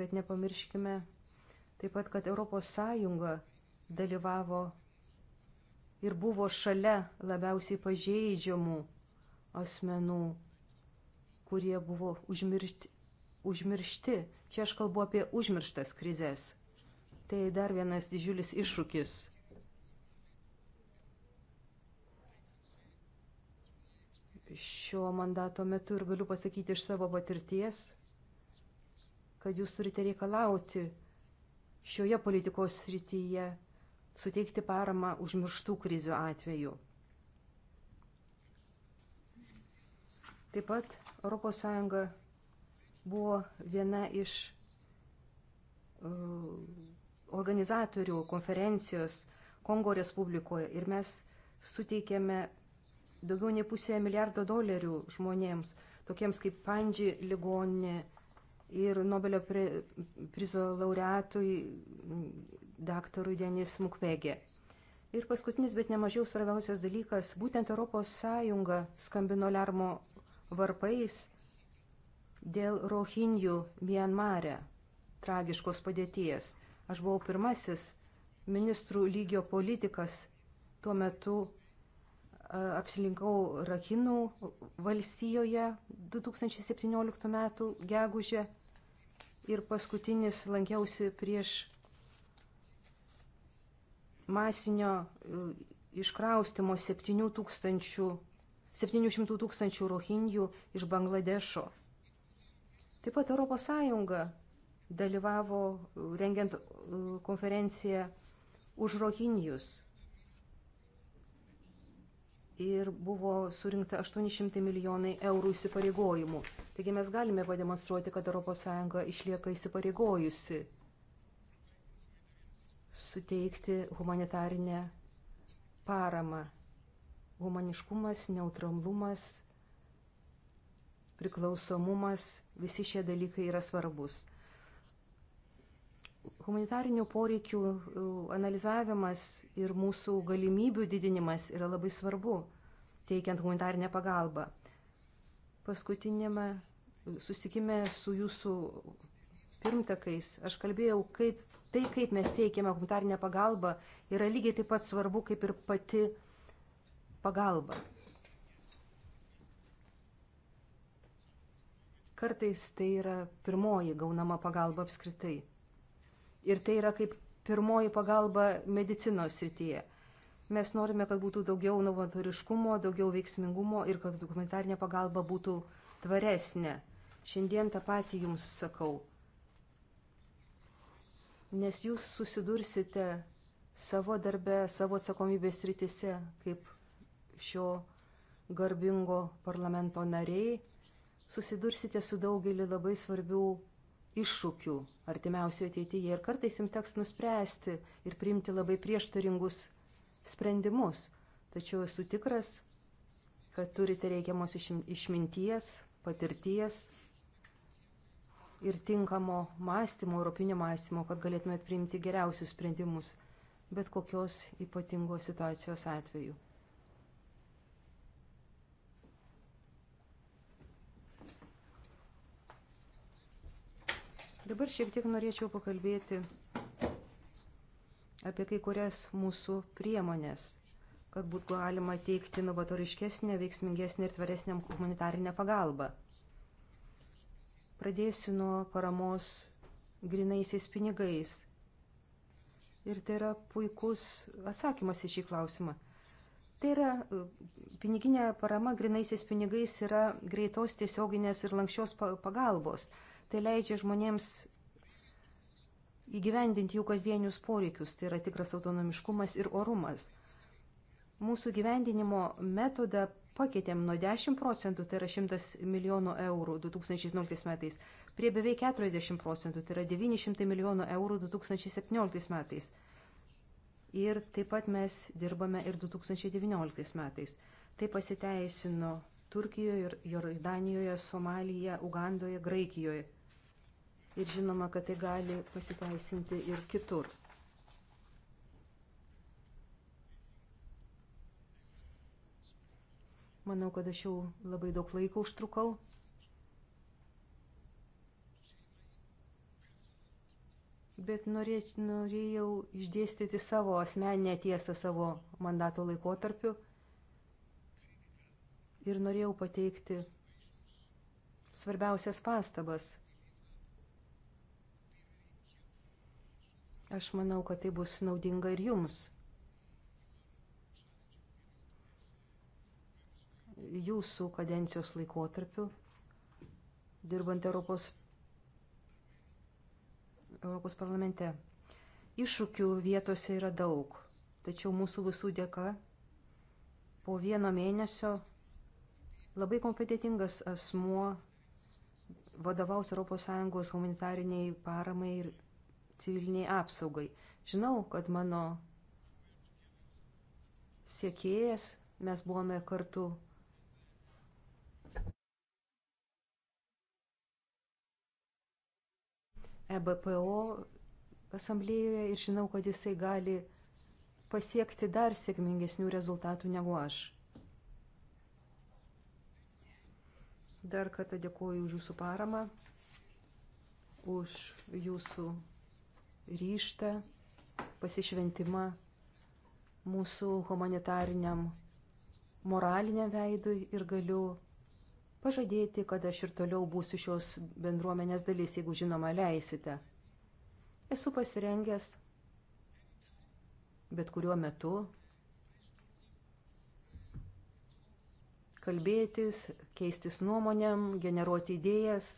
Bet nepamirškime taip pat, kad ES dalyvavo ir buvo šalia labiausiai pažeidžiamų asmenų, kurie buvo užmiršti. užmiršti. Čia aš kalbu apie užmirštas krizės Tai dar vienas didžiulis iššūkis. Šio mandato metu ir galiu pasakyti iš savo patirties, kad jūs turite reikalauti šioje politikos srityje suteikti paramą užmirštų krizių atveju. Taip pat ES buvo viena iš uh, organizatorių konferencijos Kongo Respublikoje ir mes suteikėme daugiau nei pusę milijardo dolerių žmonėms, tokiems kaip Pandži ligoninė ir Nobelio pri, prizo laureatui daktarui Denis Mukvegė. Ir paskutinis, bet nemažiau svarbiausias dalykas, būtent ES skambino lermo varpais dėl rohinjų Mianmare tragiškos padėties. Aš buvau pirmasis ministrų lygio politikas. Tuo metu apsilinkau Rakinų valstijoje 2017 m. gegužę ir paskutinis lankiausi prieš masinio e, iškraustimo 7 tūkstančių 700 tūkstančių rohingių iš Bangladešo. Taip pat ES dalyvavo rengiant konferenciją už Rohinijus. Ir buvo surinkta 800 milijonai eurų įsipareigojimų. Taigi mes galime pademonstruoti, kad ES išlieka įsipareigojusi suteikti humanitarinę paramą. Humaniškumas, neutralumas, priklausomumas, visi šie dalykai yra svarbus. Humanitarinių poreikių e, analizavimas ir mūsų galimybių didinimas yra labai svarbu, teikiant humanitarinę pagalbą. Paskutinėme susikime su jūsų pirmtakais aš kalbėjau, kaip tai, kaip mes teikiame humanitarinę pagalbą, yra lygiai taip pat svarbu kaip ir pati pagalba. Kartais tai yra pirmoji gaunama pagalba apskritai ir tai yra kaip pirmoji pagalba medicinos srityje. Mes norime, kad būtų daugiau novatoriškumo, daugiau veiksmingumo ir kad humanitarinė pagalba būtų tvaresnė. Šiandien tą patį jums sakau. Nes jūs susidursite savo darbe, savo atsakomybės rytise, kaip šio garbingo parlamento nariai, susidursite su daugeliu labai svarbių iššūkių artimiausioje ateityje ir kartais jums teks nuspręsti ir priimti labai prieštaringus sprendimus. Tačiau esu tikras, kad turite reikiamos išminties, patirties ir tinkamo mąstymo, europinio mąstymo, kad galėtumėt priimti geriausius sprendimus bet kokios ypatingos situacijos atveju. Dabar šiek tiek norėčiau pakalbėti apie kai kurias mūsų priemonės, kad būtų galima teikti novatoriškesnę, veiksmingesnę ir tvaresnę humanitarinę pagalbą. Pradėsiu nuo paramos grinaisiais pinigais. Ir tai yra puikus atsakymas į šį klausimą. Tai yra piniginė parama grinaisiais pinigais yra greitos tiesioginės ir lankščios pagalbos. Tai leidžia žmonėms įgyvendinti jų kasdienius poreikius, tai yra tikras autonomiškumas ir orumas. Mūsų gyvendinimo metodą pakeitėm nuo 10 procentų, tai yra 100 milijonų eurų 2011 metais, prie beveik 40 procentų, tai yra 900 milijonų eurų 2017 metais. Ir taip pat mes dirbame ir 2019 metais. Tai pasiteisino Turkijoje ir Jordanijoje, Somalijoje, Ugandoje, Graikijoje ir žinoma, kad tai gali pasiteisinti ir kitur. Manau, kad aš jau labai daug laiko užtrukau. Bet norė, norėjau išdėstyti savo asmeninę tiesą savo mandato laikotarpiu ir norėjau pateikti svarbiausias pastabas Aš manau, kad tai bus naudinga ir jums. Jūsų kadencijos laikotarpiu, dirbant Europos, Europos parlamente. Iššūkių vietose yra daug, tačiau mūsų visų dėka po vieno mėnesio labai kompetitingas asmuo vadovaus ES humanitariniai paramai ir civiliniai apsaugai. Žinau, kad mano siekėjas mes buvome kartu. EBPO asamblėjoje ir žinau, kad jisai gali pasiekti dar sėkmingesnių rezultatų negu aš. Dar kartą dėkuoju už jūsų paramą, už jūsų ryštą, pasišventimą mūsų humanitariniam moraliniam veidui ir galiu pažadėti, kad aš ir toliau būsiu šios bendruomenės dalis, jeigu žinoma leisite. Esu pasirengęs bet kuriuo metu kalbėtis, keistis nuomonėm, generuoti idėjas,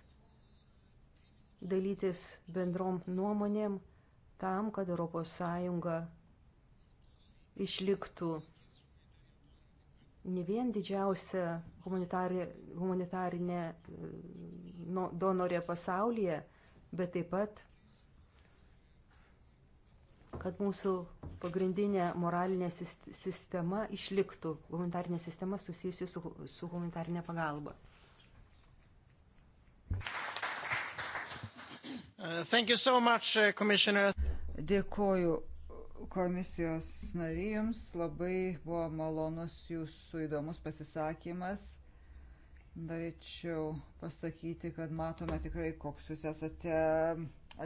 dalytis bendrom nuomonėm tam, kad ES išliktų ne vien didžiausia humanitarinė e, donorė pasaulyje, bet taip pat, kad mūsų pagrindinė moralinė sistema išliktų, humanitarinė sistema susijusi su, su humanitarinė pagalba. Uh, so much, uh, Dėkoju komisijos narijoms, labai buvo malonus jūsų įdomus pasisakymas. Norėčiau pasakyti, kad matome tikrai, koks jūs esate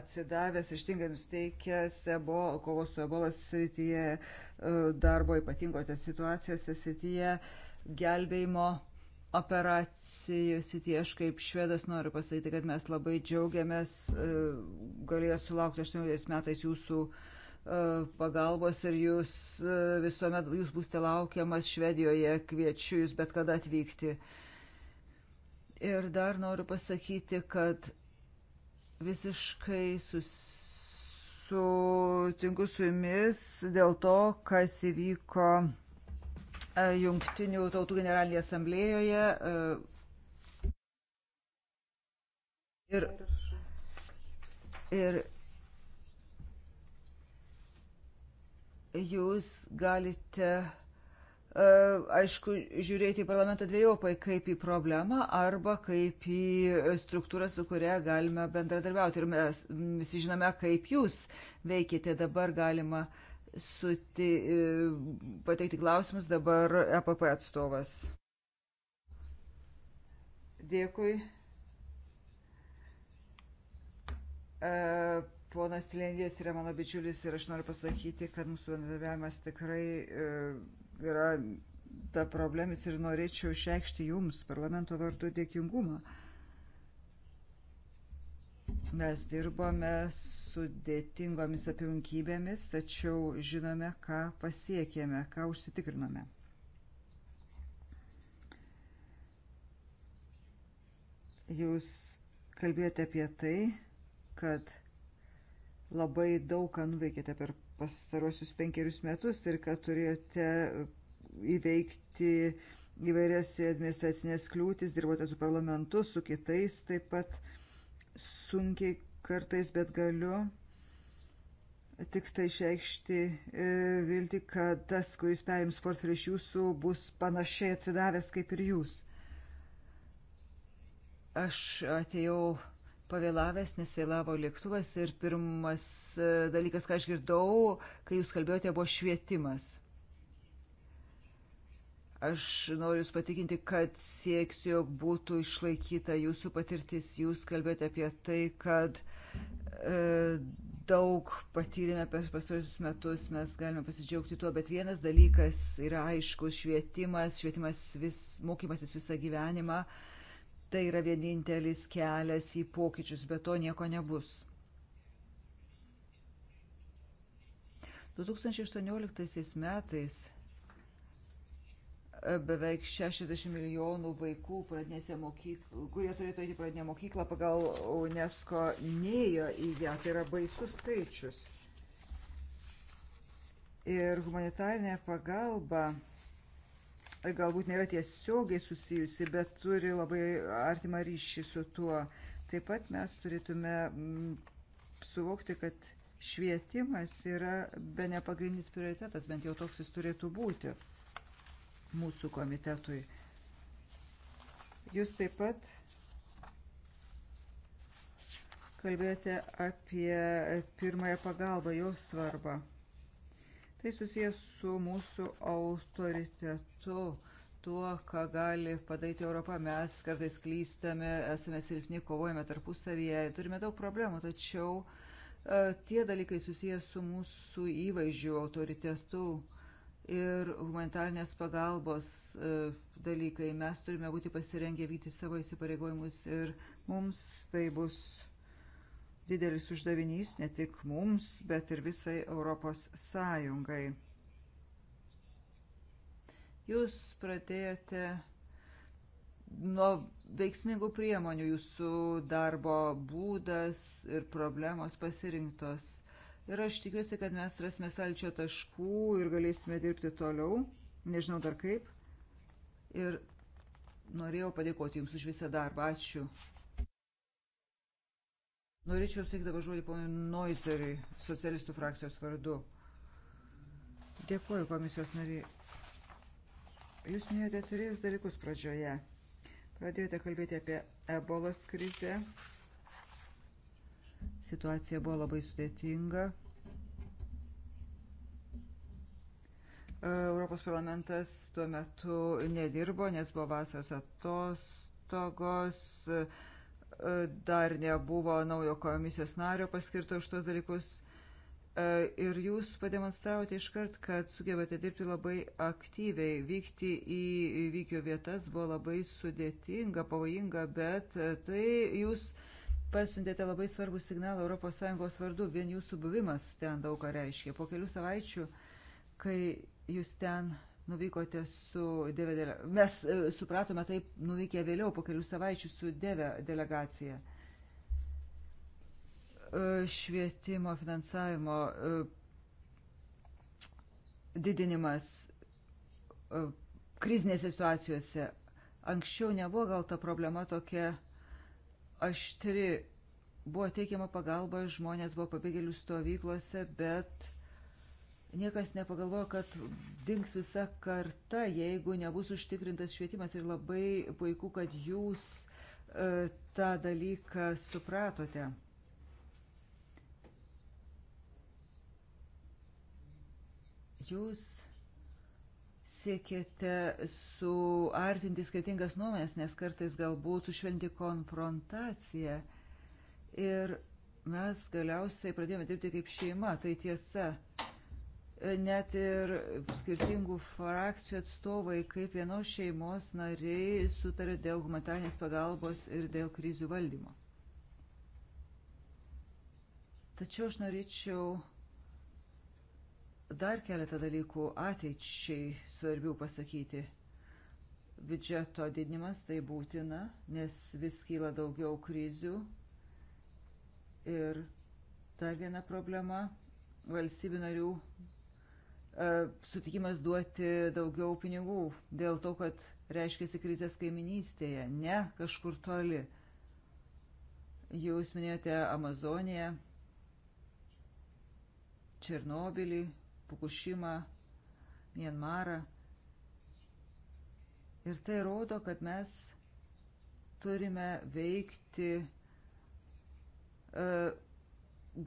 atsidavęs, ištingai nusteikęs kovos su ebolas srityje, e, darbo ypatingose situacijose srityje, gelbėjimo operacijų sitie. Aš kaip švedas noriu pasakyti, kad mes labai džiaugiamės, e, galėjo sulaukti 18 metais jūsų e, pagalbos ir jūs e, visuomet, jūs būsite laukiamas Švedijoje, kviečiu jūs bet kada atvykti. Ir dar noriu pasakyti, kad visiškai susitinku su jumis dėl to, kas įvyko E, Jungtinių tautų generalinėje asamblėjoje. E, ir, ir jūs galite, e, aišku, žiūrėti į parlamentą dviejopai, kaip į problemą arba kaip į struktūrą, su kuria galime bendradarbiauti. Ir mes visi žinome, kaip jūs veikite dabar galima uh, suti, e, pateikti klausimus dabar EPP atstovas. Dėkui. E, ponas Tilendės yra mano bičiulis ir aš noriu pasakyti, kad mūsų bendradarbiavimas tikrai e, yra be problemis ir norėčiau išreikšti jums parlamento vardu dėkingumą. Mes dirbome sudėtingomis aplinkybėmis, tačiau žinome, ką pasiekėme, ką užsitikrinome. Jūs kalbėjote apie tai, kad labai daug ką nuveikėte per pastarosius penkerius metus ir kad turėjote įveikti įvairias administracinės kliūtis, dirbote su parlamentu, su kitais taip pat sunkiai kartais, bet galiu tik tai išreikšti e, viltį, kad tas, kuris perims portfelį iš jūsų, bus panašiai atsidavęs kaip ir jūs. Aš atėjau pavėlavęs, nes vėlavo lėktuvas ir pirmas e, dalykas, ką aš girdau, kai jūs kalbėjote, buvo švietimas. Aš noriu Jūs patikinti, kad sieksiu, jog būtų išlaikyta Jūsų patirtis. Jūs kalbėjote apie tai, kad e, daug patyrėme per pastarosius metus, mes galime pasidžiaugti tuo, bet vienas dalykas yra aiškus - švietimas, švietimas vis, mokymasis visą gyvenimą. Tai yra vienintelis kelias į pokyčius, be to nieko nebus. 2018 metais beveik 60 milijonų vaikų pradinėse mokyklose, kurie turėtų eiti pradinę mokyklą pagal UNESCO neėjo į ją. Tai yra baisus skaičius. Ir humanitarinė pagalba galbūt nėra tiesiogiai susijusi, bet turi labai artimą ryšį su tuo. Taip pat mes turėtume mm, suvokti, kad švietimas yra be nepagrindinis prioritetas, bent jau toks jis turėtų būti mūsų komitetui. Jūs taip pat kalbėjote apie pirmąją pagalbą, jos svarbą. Tai susijęs su mūsų autoritetu, tuo, ką gali padaryti Europą. Mes kartais klystame, esame silpni, kovojame tarpusavyje, turime daug problemų, tačiau e, tie dalykai susijęs su mūsų įvaizdžiu, autoritetu ir humanitarnės pagalbos e, dalykai. Mes turime būti pasirengę vykti savo įsipareigojimus ir mums tai bus didelis uždavinys ne tik mums, bet ir visai Europos Sąjungai. Jūs pradėjote nuo veiksmingų priemonių, jūsų darbo būdas ir problemos pasirinktos – Ir aš tikiuosi, kad mes rasime salčio taškų ir galėsime dirbti toliau, nežinau dar kaip. Ir norėjau padėkoti Jums už visą darbą. Ačiū. Norėčiau suteikti dabar žodį ponui Noiseriui, socialistų frakcijos vardu. Dėkuoju komisijos nariai. Jūs minėjote tris dalykus pradžioje. Pradėjote kalbėti apie ebolos krizę, Situacija buvo labai sudėtinga. Europos parlamentas tuo metu nedirbo, nes buvo vasaros atostogos, dar nebuvo naujo komisijos nario paskirto už tos dalykus. Ir jūs pademonstravote iškart, kad sugebate dirbti labai aktyviai, vykti į įvykio vietas buvo labai sudėtinga, pavojinga, bet tai jūs uh, pasiuntėte labai svarbų signalą ES vardu, vien jūsų buvimas ten daug ką reiškia. Po kelių savaičių, kai jūs ten nuvykote su Deve delegacija, mes e, supratome taip nuvykę vėliau, po kelių savaičių su Deve delegacija. E, švietimo finansavimo e, didinimas krizinėse situacijose. Anksčiau nebuvo gal ta problema tokia aštri. Buvo teikiama pagalba, žmonės buvo pabėgėlių stovyklose, bet niekas nepagalvojo, kad dinks visa karta, jeigu nebus užtikrintas švietimas. Ir labai puiku, kad jūs e, tą dalyką supratote. Jūs siekėte suartinti skirtingas nuomonės, nes kartais galbūt sušvelninti konfrontaciją. Ir mes galiausiai pradėjome dirbti kaip šeima, tai tiesa. Net ir skirtingų frakcijų atstovai, kaip vienos šeimos nariai, sutarė dėl humanitarnės pagalbos ir dėl krizių valdymo. Tačiau aš norėčiau dar keletą dalykų ateičiai svarbių pasakyti. Biudžeto didinimas tai būtina, nes vis kyla daugiau krizių. Ir dar viena problema - valstybių narių e, sutikimas duoti daugiau pinigų dėl to, kad reiškiasi krizės kaiminystėje, ne kažkur toli. Jūs minėjote Amazoniją, Černobilį, Fukushimą, Mienmarą. Ir tai rodo, kad mes turime veikti e,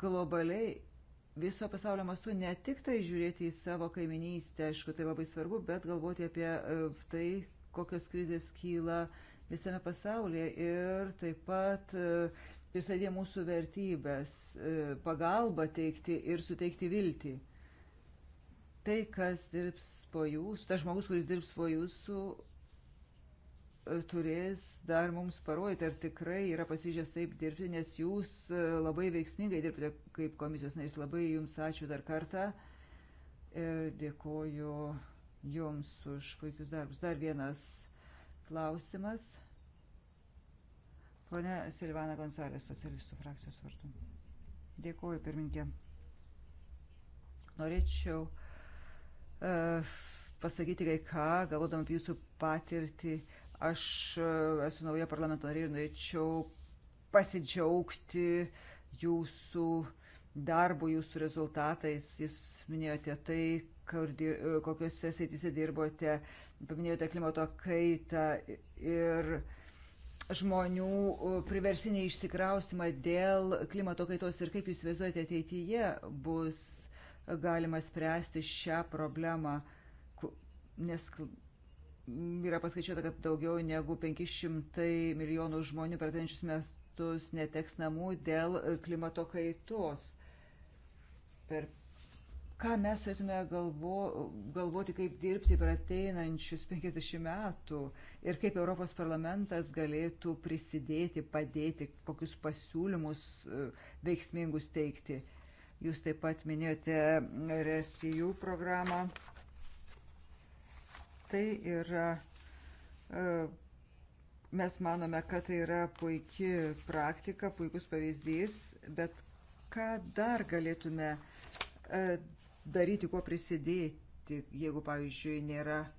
globaliai viso pasaulio mastu, ne tik tai žiūrėti į savo kaiminystę, aišku, tai labai svarbu, bet galvoti apie e, tai, kokios krizės kyla visame pasaulyje ir taip pat e, pristatė mūsų vertybės, pagalbą teikti ir suteikti viltį. Tai, kas dirbs po jūsų, tas žmogus, kuris dirbs po jūsų, e, turės dar mums parodyti, ar tikrai yra pasižęs taip dirbti, nes jūs e, labai veiksmingai dirbate kaip komisijos narys. Labai jums ačiū dar kartą ir dėkoju jums už puikius darbus. Dar vienas klausimas. Pone Silvana Gonsalės, socialistų frakcijos vardu. Dėkoju, pirminkė. Norėčiau E, pasakyti kai ką, galvodam apie jūsų patirtį. Aš e, esu nauja parlamentarė ir norėčiau pasidžiaugti jūsų darbu, jūsų rezultatais. Jūs minėjote tai, e, kokiuose seityse dirbote, paminėjote klimato kaitą ir žmonių priversinį išsikraustimą dėl klimato kaitos ir kaip jūs įsivaizduojate ateityje bus galima spręsti šią problemą, nes yra paskaičiuota, kad daugiau negu 500 milijonų žmonių per tenčius metus neteks namų dėl klimato kaitos. Per ką mes turėtume galvo, galvoti, kaip dirbti per ateinančius 50 metų ir kaip Europos parlamentas galėtų prisidėti, padėti, kokius pasiūlymus e, veiksmingus teikti. Jūs taip pat minėjote RSIU programą. Tai yra, e, mes manome, kad tai yra puikia praktika, puikus pavyzdys, bet ką dar galėtume e, daryti, kuo prisidėti, jeigu, pavyzdžiui, nėra e,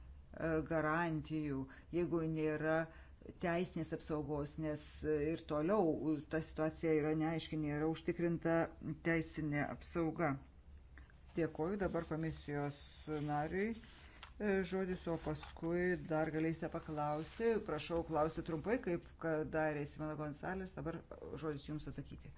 garantijų, jeigu nėra uh, teisinės apsaugos, nes ir toliau ta situacija yra neaiški, nėra užtikrinta teisinė apsauga. Dėkoju dabar komisijos nariui e, žodis, o paskui dar galėsite paklausti. Prašau klausti trumpai, kaip darė Simona Gonsalės, dabar žodis jums atsakyti.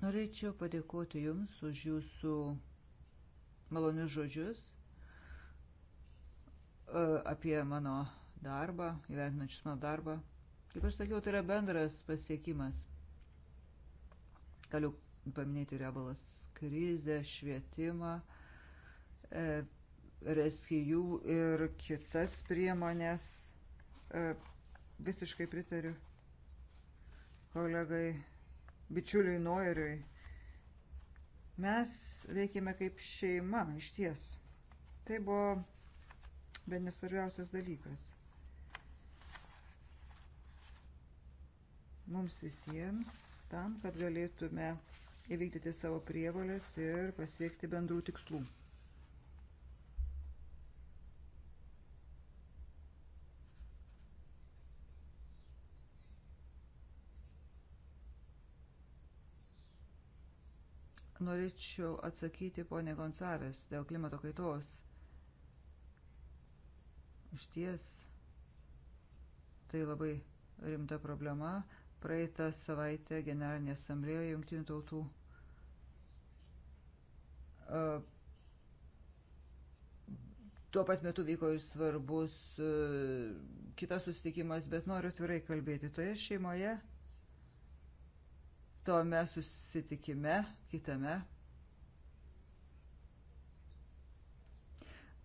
Norėčiau padėkoti Jums už Jūsų malonius žodžius e, apie mano darbą, įvertinančius mano darbą. Kaip aš sakiau, tai yra bendras pasiekimas. Galiu paminėti rebalas krizę, švietimą, e, reskijų ir kitas priemonės. E, visiškai pritariu kolegai bičiuliui Noeriui Mes veikėme kaip šeima, iš ties. Tai buvo bet nesvarbiausias dalykas. Mums visiems tam, kad galėtume įvykdyti savo prievolės ir pasiekti bendrų tikslų. norėčiau atsakyti ponė Gonzalės dėl klimato kaitos. Iš ties, tai labai rimta problema. Praeitą savaitę Generalinė asamblėje Junktinių tautų tuo pat metu vyko ir svarbus kitas susitikimas, bet noriu atvirai kalbėti. Toje šeimoje tome susitikime, kitame.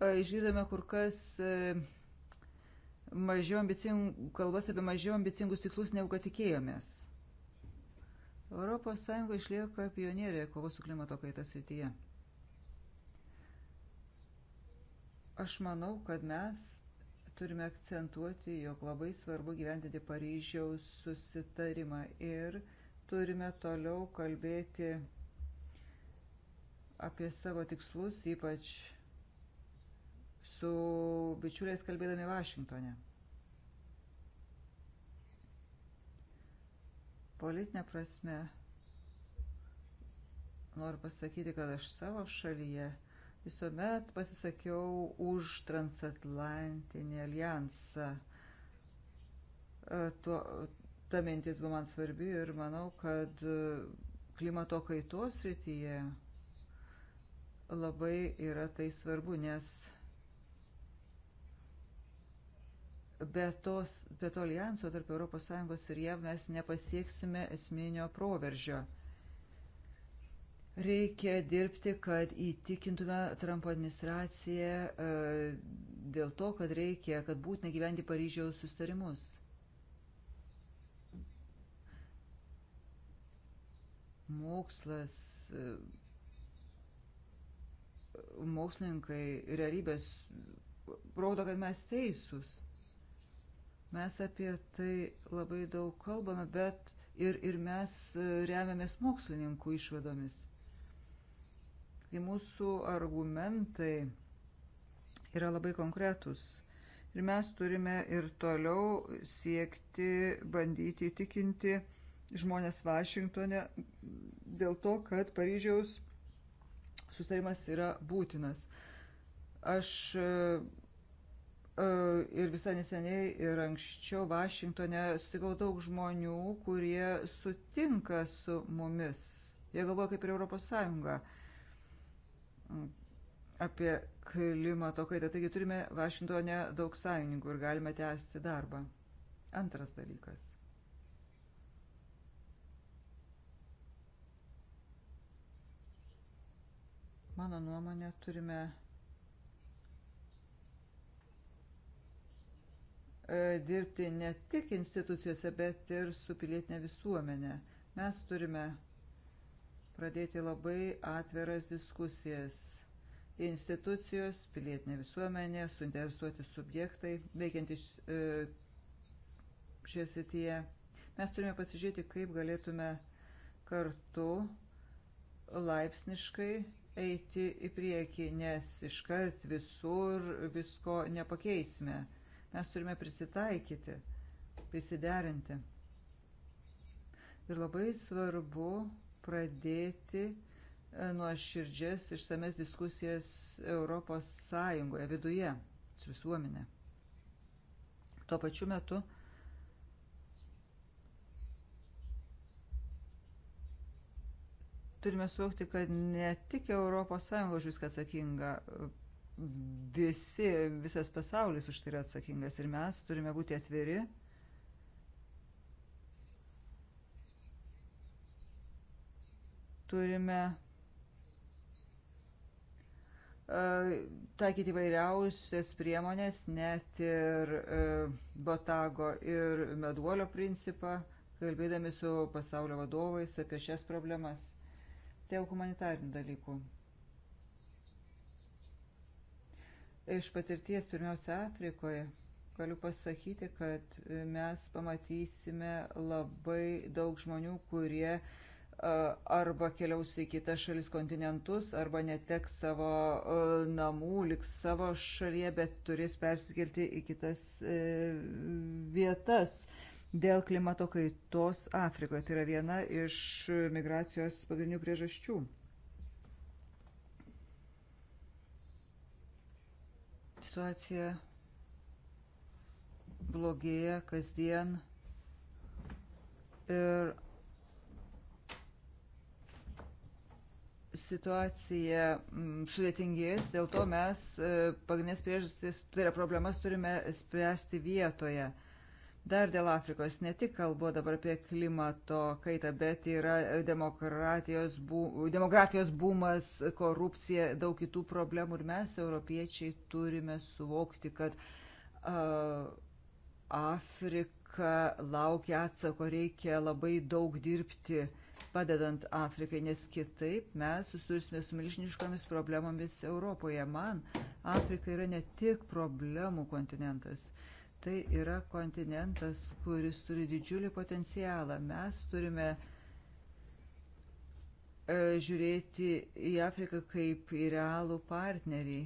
E, išgirdome kur kas e, mažiau ambicingų, kalbas apie mažiau ambicingus tikslus, negu kad tikėjomės. ES išlieka pionierė kovos su klimato kaita srityje. Aš manau, kad mes turime akcentuoti, jog labai svarbu gyventinti Paryžiaus susitarimą ir uh, turime toliau kalbėti apie savo tikslus, ypač su bičiuliais kalbėdami Vašingtone. Politinė prasme noriu pasakyti, kad aš savo šalyje visuomet pasisakiau už transatlantinį alijansą. E, tuo, ta mintis buvo man svarbi ir manau, kad e, klimato kaitos rytyje labai yra tai svarbu, nes be, tos, be to alijanso tarp ES ir JAV mes nepasieksime esminio proveržio. Reikia dirbti, kad įtikintume Trumpo administraciją e, dėl to, kad reikia, kad būtina gyventi Paryžiaus sustarimus. mokslas, e, mokslininkai, realybės rodo, kad mes teisūs. Mes apie tai labai daug kalbame, bet ir, ir mes e, remiamės mokslininkų išvadomis. Tai mūsų argumentai yra labai konkretus. Ir mes turime ir toliau siekti, bandyti įtikinti, žmonės Vašingtone dėl to, kad Paryžiaus susitarimas yra būtinas. Aš e, e, ir visai neseniai ir anksčiau Vašingtone sutikau daug žmonių, kurie sutinka su mumis. Jie galvoja kaip ir Europos Sąjunga apie klimato kaitą. Taigi turime Vašingtone daug sąjungų ir galime tęsti darbą. Antras dalykas. Mano nuomonė, turime e, dirbti ne tik institucijose, bet ir su pilietinė visuomenė. Mes turime pradėti labai atviras diskusijas. Institucijos, pilietinė visuomenė, suinteresuoti subjektai, veikiant iš e, šioje srityje. Mes turime pasižiūrėti, kaip galėtume kartu laipsniškai eiti į priekį, nes iškart visur visko nepakeisime. Mes turime prisitaikyti, prisiderinti. Ir labai svarbu pradėti e, nuo širdžias išsames diskusijas Europos Sąjungoje viduje su visuomenė. Tuo pačiu metu turime suvokti, kad ne tik ES už viską atsakinga, visi, visas pasaulis už tai yra atsakingas ir mes turime būti atviri. Turime e, taikyti vairiausias priemonės, net ir e, botago ir meduolio principą, kalbėdami su pasaulio vadovais apie šias problemas dėl humanitarinių dalykų. Iš patirties pirmiausia Afrikoje galiu pasakyti, kad mes pamatysime labai daug žmonių, kurie arba keliaus į kitas šalis kontinentus, arba neteks savo namų, liks savo šalyje, bet turės persikelti į kitas e, vietas dėl klimato kaitos Afrikoje. Tai yra viena iš migracijos pagrindinių priežasčių. Situacija blogėja kasdien ir situacija mm, sudėtingės, dėl to mes e, pagrindinės priežastis, tai yra problemas turime spręsti vietoje. Dar dėl Afrikos ne tik kalbu dabar apie klimato kaitą, bet yra demokratijos, bū, demografijos būmas, korupcija, daug kitų problemų ir mes, europiečiai, turime suvokti, kad uh, Afrika laukia atsako, reikia labai daug dirbti padedant Afrikai, nes kitaip mes susidursime su milžiniškomis problemomis Europoje. Man Afrika yra ne tik problemų kontinentas. Uh, Tai yra kontinentas, kuris turi didžiulį potencialą. Mes turime e, žiūrėti į Afriką kaip į realų partnerį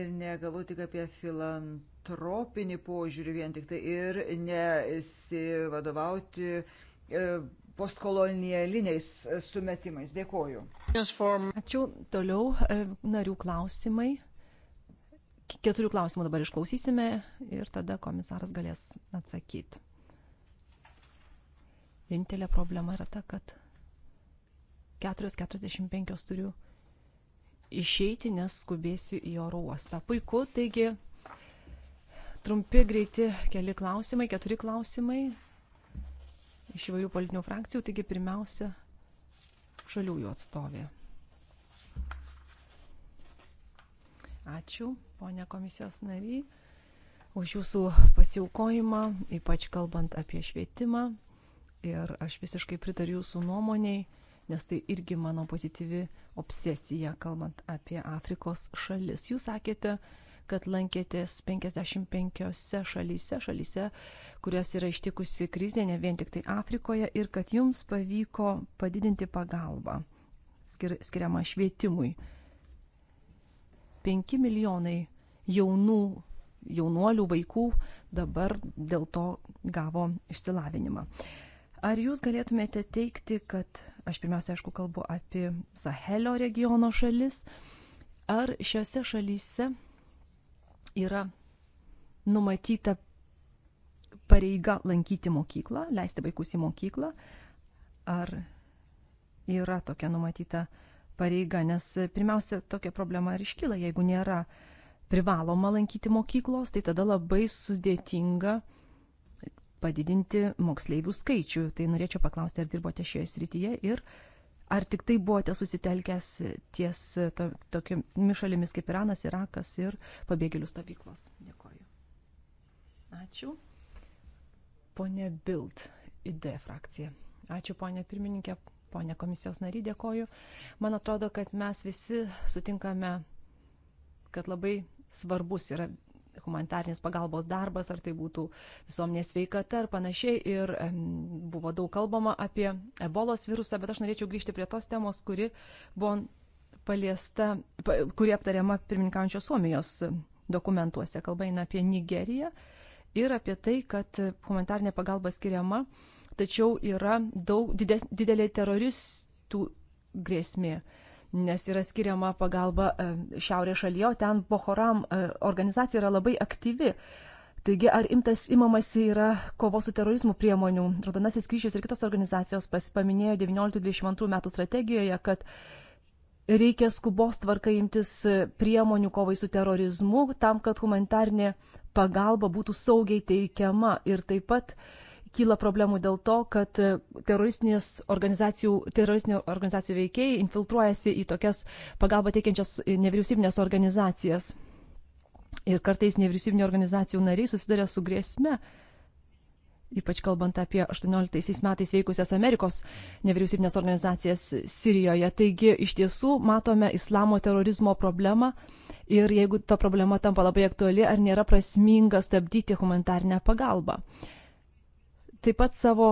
ir negalvoti tik apie filantropinį požiūrį vien tik tai ir nesivadovauti e, postkolonialiniais sumetimais. Dėkoju. Ačiū. Toliau e, narių klausimai. Keturių klausimų dabar išklausysime ir tada komisaras galės atsakyti. Vienintelė problema yra ta, kad 4.45 turiu išeiti, nes skubėsiu į oro uostą. Puiku, taigi trumpi, greiti keli klausimai, keturi klausimai iš įvairių politinių frakcijų, taigi pirmiausia, žaliųjų atstovė. Ačiū, ponė komisijos nariai, už jūsų pasiaukojimą, ypač kalbant apie švietimą. Ir aš visiškai pritariu jūsų nuomoniai, nes tai irgi mano pozityvi obsesija, kalbant apie Afrikos šalis. Jūs sakėte, kad lankėtės 55 šalyse, šalyse, kurias yra ištikusi krizė, ne vien tik tai Afrikoje, ir kad jums pavyko padidinti pagalbą skir skiriamą švietimui. 5 milijonai jaunų, jaunuolių vaikų dabar dėl to gavo išsilavinimą. Ar jūs galėtumėte teikti, kad aš pirmiausia, aišku, kalbu apie Sahelio regiono šalis, ar šiuose šalyse yra numatyta pareiga lankyti mokyklą, leisti vaikus į mokyklą, ar yra tokia numatyta pareiga? pareiga, nes pirmiausia, tokia problema ir iškyla, jeigu nėra privaloma lankyti mokyklos, tai tada labai sudėtinga padidinti moksleivių skaičių. Tai norėčiau paklausti, ar dirbote šioje srityje ir ar tik tai buvote susitelkęs ties to, tokiomis šalimis kaip Iranas, Irakas ir pabėgėlių stovyklos. Dėkoju. Ačiū. Pone Bild, ID frakcija. Ačiū, ponė pirmininkė, ponė komisijos nary, dėkoju. Man atrodo, kad mes visi sutinkame, kad labai svarbus yra humanitarnės pagalbos darbas, ar tai būtų visuomenės veikata ar panašiai. Ir buvo daug kalbama apie ebolos virusą, bet aš norėčiau grįžti prie tos temos, kuri buvo paliesta, kuri aptariama pirmininkaujančios Suomijos dokumentuose. Kalba eina apie Nigeriją ir apie tai, kad humanitarnė pagalba skiriama uh, tačiau yra daug dides, didelė teroristų grėsmė, nes yra skiriama pagalba e, šiaurės šalyje, o ten Bohoram e, organizacija yra labai aktyvi. Taigi, ar imtas imamasi yra kovos su terorizmu priemonių? Raudonasis kryžius ir kitos organizacijos paminėjo 19-22 metų strategijoje, kad reikia skubos tvarka imtis e, priemonių kovai su terorizmu tam, kad humanitarnė pagalba būtų saugiai teikiama ir taip pat uh, kyla problemų dėl to, kad e, organizacijų, teroristinių organizacijų veikėjai infiltruojasi į tokias pagalbą teikiančias e, nevyriausybinės organizacijas. Ir kartais nevyriausybinio organizacijų nariai susiduria su grėsme, ypač kalbant apie 18 metais veikusias Amerikos nevyriausybinės organizacijas Sirijoje. Taigi iš tiesų matome islamo terorizmo problemą ir jeigu ta problema tampa labai aktuali, ar nėra prasminga stabdyti humanitarnę pagalbą. Uh, Taip pat savo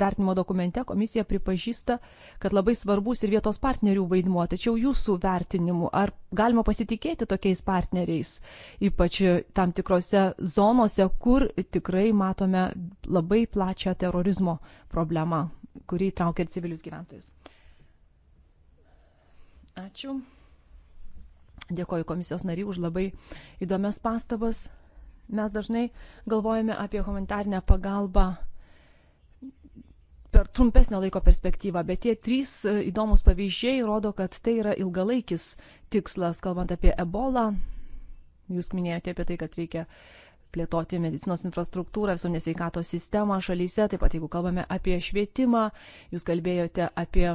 vertinimo dokumente komisija pripažįsta, kad labai svarbus ir vietos partnerių vaidmuo, tačiau jūsų vertinimu, ar galima pasitikėti tokiais partneriais, ypač tam tikrose zonose, kur tikrai matome labai plačią terorizmo problemą, kurį traukia civilius gyventojus. Ačiū. Dėkoju komisijos nariai už labai įdomias pastabas. Mes dažnai galvojame apie humanitarinę pagalbą per trumpesnio laiko perspektyvą, bet tie trys e, įdomus pavyzdžiai rodo, kad tai yra ilgalaikis tikslas, kalbant apie ebolą. Jūs minėjote apie tai, kad reikia plėtoti medicinos infrastruktūrą, visuomenės sveikatos sistemą šalyse, taip pat jeigu kalbame apie švietimą, jūs kalbėjote apie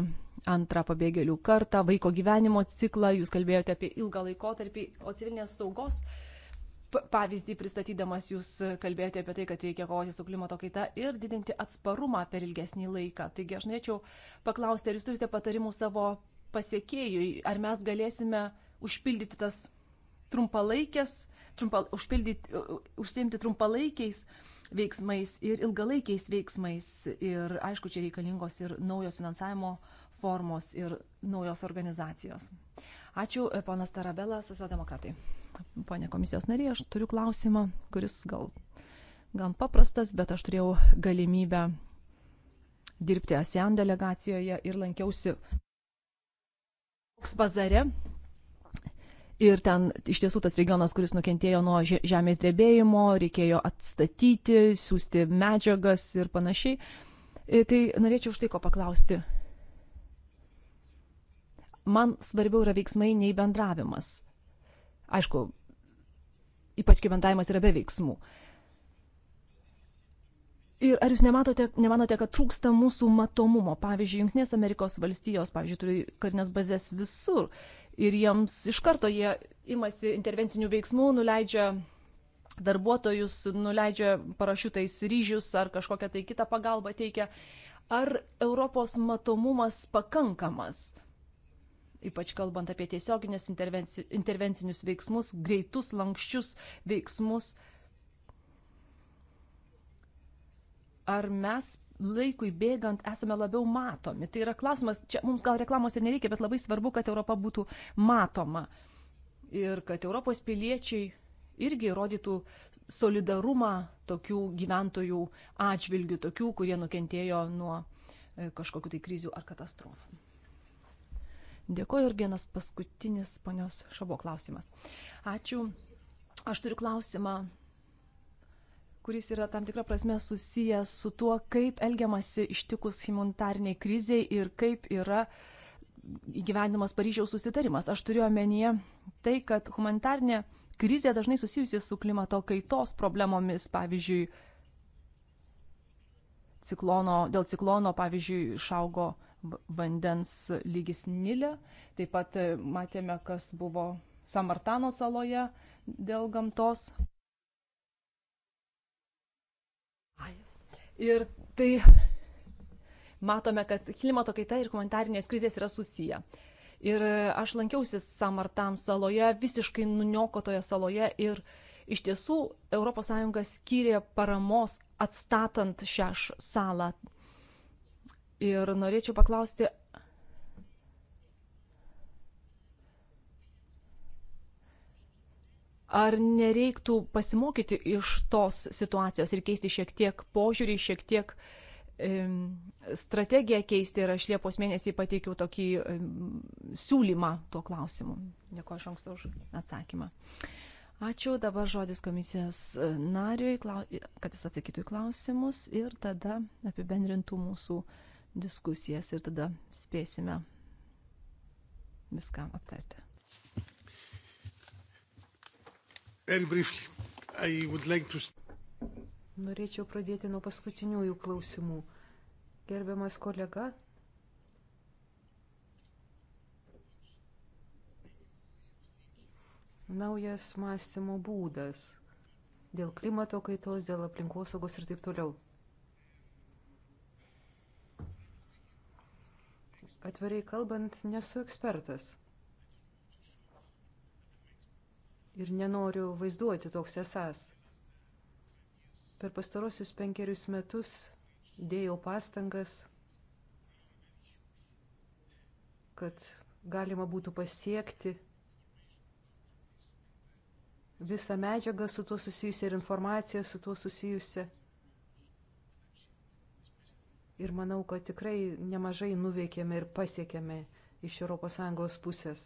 antrą pabėgėlių kartą, vaiko gyvenimo ciklą, jūs kalbėjote apie ilgą laikotarpį, o civilinės saugos uh, pavyzdį pristatydamas jūs kalbėjote apie tai, kad reikia kovoti su klimato kaita ir didinti atsparumą per ilgesnį laiką. Taigi aš norėčiau paklausti, ar jūs turite patarimų savo pasiekėjui, ar mes galėsime užpildyti tas trumpalaikės, trumpa, užpildyti, užsiimti trumpalaikiais veiksmais ir ilgalaikiais veiksmais. Ir aišku, čia reikalingos ir naujos finansavimo formos ir naujos organizacijos. Ačiū, e, ponas Tarabela, Socialdemokratai. Pane komisijos nariai, aš turiu klausimą, kuris gal gan paprastas, bet aš turėjau galimybę dirbti ASEAN delegacijoje ir lankiausi Oksbazare. Ir ten iš tiesų tas regionas, kuris nukentėjo nuo žemės drebėjimo, reikėjo atstatyti, siūsti medžiagas ir panašiai. Ir e, tai norėčiau už tai ko paklausti. Man svarbiau yra veiksmai nei bendravimas. Aišku, ypač gyventavimas yra be veiksmų. Ir ar jūs nematote, nemanote, kad trūksta mūsų matomumo? Pavyzdžiui, Junktinės Amerikos valstijos, pavyzdžiui, turi karinės bazės visur ir jiems iš karto jie imasi intervencinių veiksmų, nuleidžia darbuotojus, nuleidžia parašiutais ryžius ar kažkokią tai kitą pagalbą teikia. Ar Europos matomumas pakankamas? ypač kalbant apie tiesioginės intervenci intervencinius veiksmus, greitus, lankščius veiksmus. Ar mes laikui bėgant esame labiau matomi? Tai yra klausimas, čia mums gal reklamos ir nereikia, bet labai svarbu, kad Europa būtų matoma. Ir kad Europos piliečiai irgi rodytų solidarumą tokių gyventojų atžvilgių, tokių, kurie nukentėjo nuo e, kažkokiu tai krizių ar katastrofų. Dėkuoju ir vienas paskutinis ponios Šabo klausimas. Ačiū. Aš turiu klausimą, kuris yra tam tikrą prasme susijęs su tuo, kaip elgiamasi ištikus humanitarniai kriziai ir kaip yra įgyvendimas Paryžiaus susitarimas. Aš turiu omenyje tai, kad humanitarnė krizė dažnai susijusi su klimato kaitos problemomis, pavyzdžiui, ciklono, dėl ciklono, pavyzdžiui, išaugo vandens lygis Nilė. Taip pat e, matėme, kas buvo Samartano saloje dėl gamtos. Ir tai matome, kad klimato kaita ir humanitarinės krizės yra susiję. Ir e, aš lankiausi Samartan saloje, visiškai nuniokotoje saloje ir iš tiesų ES skyrė paramos atstatant šią salą. Ir norėčiau paklausti, ar nereiktų pasimokyti iš tos situacijos ir keisti šiek tiek požiūrį, šiek tiek strategiją keisti ir aš Liepos mėnesį pateikiau tokį siūlymą tuo klausimu. Dėkuoju iš anksto už atsakymą. Ačiū, dabar žodis komisijos e, nariui, kad jis atsakytų į klausimus ir tada apibendrintų mūsų uh, diskusijas ir tada spėsime viskam aptarti. Like to... Norėčiau pradėti nuo paskutiniųjų klausimų. Gerbiamas kolega, naujas mąstymo būdas dėl klimato kaitos, dėl aplinkosaugos ir taip toliau. Atvarai kalbant, nesu ekspertas. Ir nenoriu vaizduoti toks esas. Per pastarosius penkerius metus dėjau pastangas, kad galima būtų pasiekti visą medžiagą su tuo susijusią ir informaciją su tuo susijusią ir manau, kad tikrai nemažai nuveikėme ir pasiekėme iš ES pusės.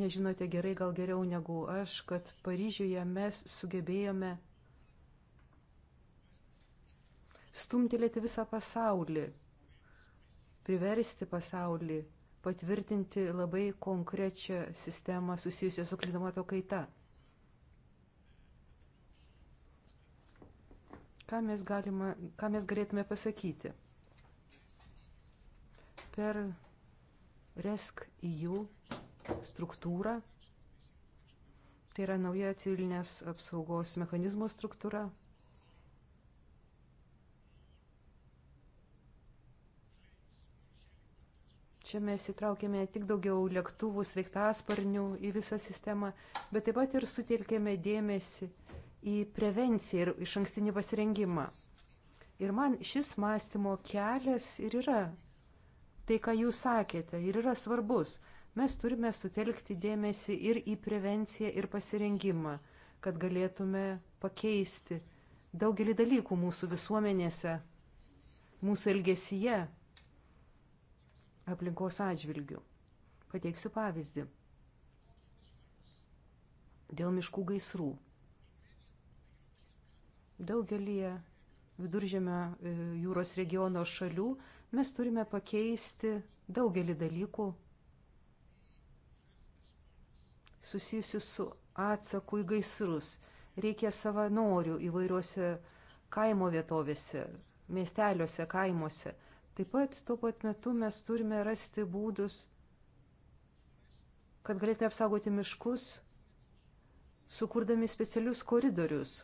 Nežinote gerai, gal geriau negu aš, kad Paryžiuje mes sugebėjome stumtelėti visą pasaulį, priversti pasaulį patvirtinti labai konkrečią sistemą susijusią su klimato kaita. Ką mes, galima, ką mes galėtume pasakyti? Per RESC EU struktūrą, tai yra nauja civilinės apsaugos mechanizmo struktūra, Čia mes įtraukėme ne tik daugiau lėktuvų, sveiktasparnių į visą sistemą, bet taip pat ir sutelkėme dėmesį į prevenciją ir iš ankstinį pasirengimą. Ir man šis mąstymo kelias ir yra tai, ką jūs sakėte, ir yra svarbus. Mes turime sutelkti dėmesį ir į prevenciją, ir pasirengimą, kad galėtume pakeisti daugelį dalykų mūsų visuomenėse, mūsų elgesyje, aplinkos atžvilgių. Pateiksiu pavyzdį. Dėl miškų gaisrų. Daugelį viduržėmio e, jūros regiono šalių mes turime pakeisti daugelį dalykų susijusių su atsaku į gaisrus. Reikia savanorių įvairiuose kaimo vietovėse, miesteliuose, kaimuose. Taip pat tuo pat metu mes turime rasti būdus, kad galėtume apsaugoti miškus, sukurdami specialius koridorius,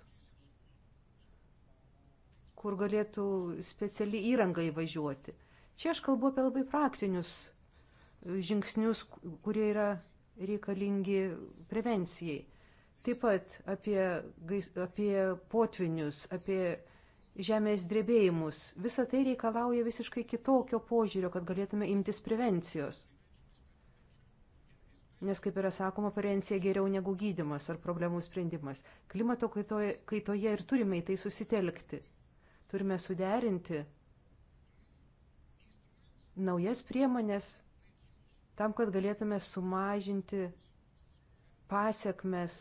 kur galėtų speciali įranga įvažiuoti. Čia aš kalbu apie labai praktinius e, žingsnius, kurie yra reikalingi prevencijai. Taip pat apie, apie potvinius, apie žemės drebėjimus. Visa tai reikalauja visiškai kitokio požiūrio, kad galėtume imtis prevencijos. Nes, kaip yra sakoma, prevencija geriau negu gydimas ar problemų sprendimas. Klimato kaitoje, kaitoje ir turime į tai susitelkti. Turime suderinti naujas priemonės tam, kad galėtume sumažinti pasiekmes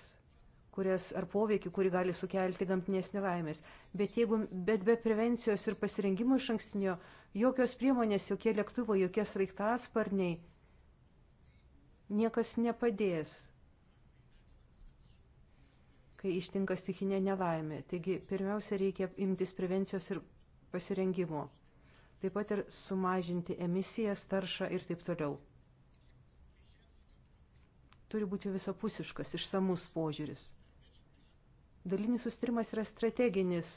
kurias ar poveikį, kurį gali sukelti gamtinės nelaimės. Bet, jeigu, bet be prevencijos ir pasirengimo iš ankstinio, jokios priemonės, jokie lėktuvai, jokie sraigtasparniai, niekas nepadės kai ištinka stikinė nelaimė. Taigi pirmiausia, reikia imtis prevencijos ir pasirengimo. Taip pat ir sumažinti emisijas, taršą ir taip toliau. Turi būti visapusiškas, išsamus požiūris. Dalinis sustrimas yra strateginis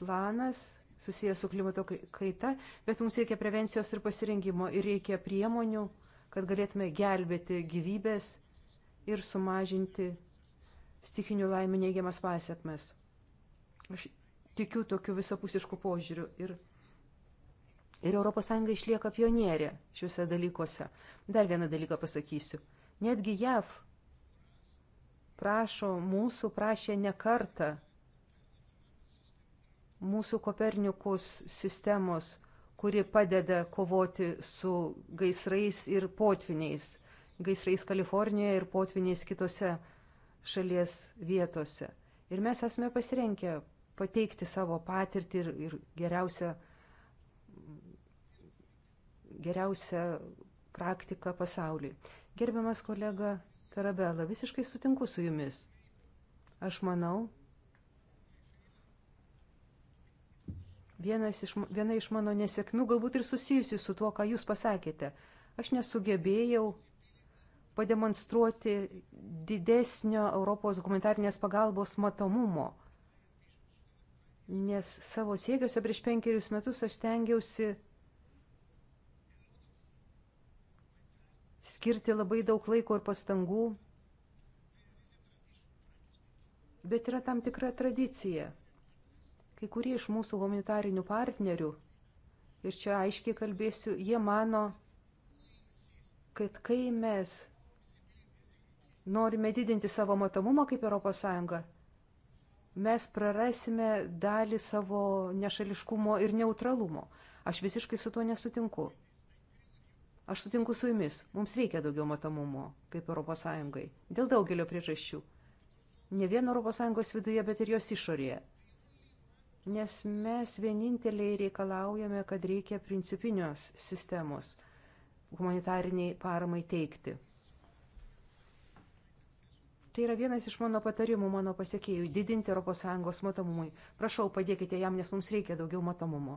planas susijęs su klimato kaita, bet mums reikia prevencijos ir pasirengimo ir reikia priemonių, kad galėtume gelbėti gyvybės ir sumažinti stichinių laimė neigiamas pasiekmes. Aš tikiu tokiu visapusišku požiūriu ir, ir ES išlieka pionierė šiuose dalykuose. Dar vieną dalyką pasakysiu. Netgi JAV prašo, mūsų prašė ne kartą mūsų Kopernikus sistemos, kuri padeda kovoti su gaisrais ir potviniais. Gaisrais Kalifornijoje ir potviniais kitose šalies vietose. Ir mes esame pasirenkę pateikti savo patirtį ir, ir geriausią, geriausią praktiką pasauliui. Gerbiamas kolega Tarabela, visiškai sutinku su jumis. Aš manau, iš, viena iš mano nesėkmių galbūt ir susijusi su tuo, ką jūs pasakėte. Aš nesugebėjau pademonstruoti didesnio Europos humanitarnės pagalbos matomumo. Nes savo siekiuose prieš penkerius metus aš stengiausi skirti labai daug laiko ir pastangų, bet yra tam tikra tradicija. Kai kurie iš mūsų humanitarinių partnerių, ir čia aiškiai kalbėsiu, jie mano, kad kai mes norime didinti savo matomumą kaip ES, mes prarasime dalį savo nešališkumo ir neutralumo. Aš visiškai su tuo nesutinku. Aš sutinku su jumis, mums reikia daugiau matomumo kaip ES dėl daugelio priežasčių. Ne vien ES viduje, bet ir jos išorėje. Nes mes vieninteliai reikalaujame, kad reikia principinios sistemos humanitariniai paramai teikti. Tai yra vienas iš mano patarimų, mano pasiekėjų - didinti ES matomumui. Prašau, padėkite jam, nes mums reikia daugiau matomumo.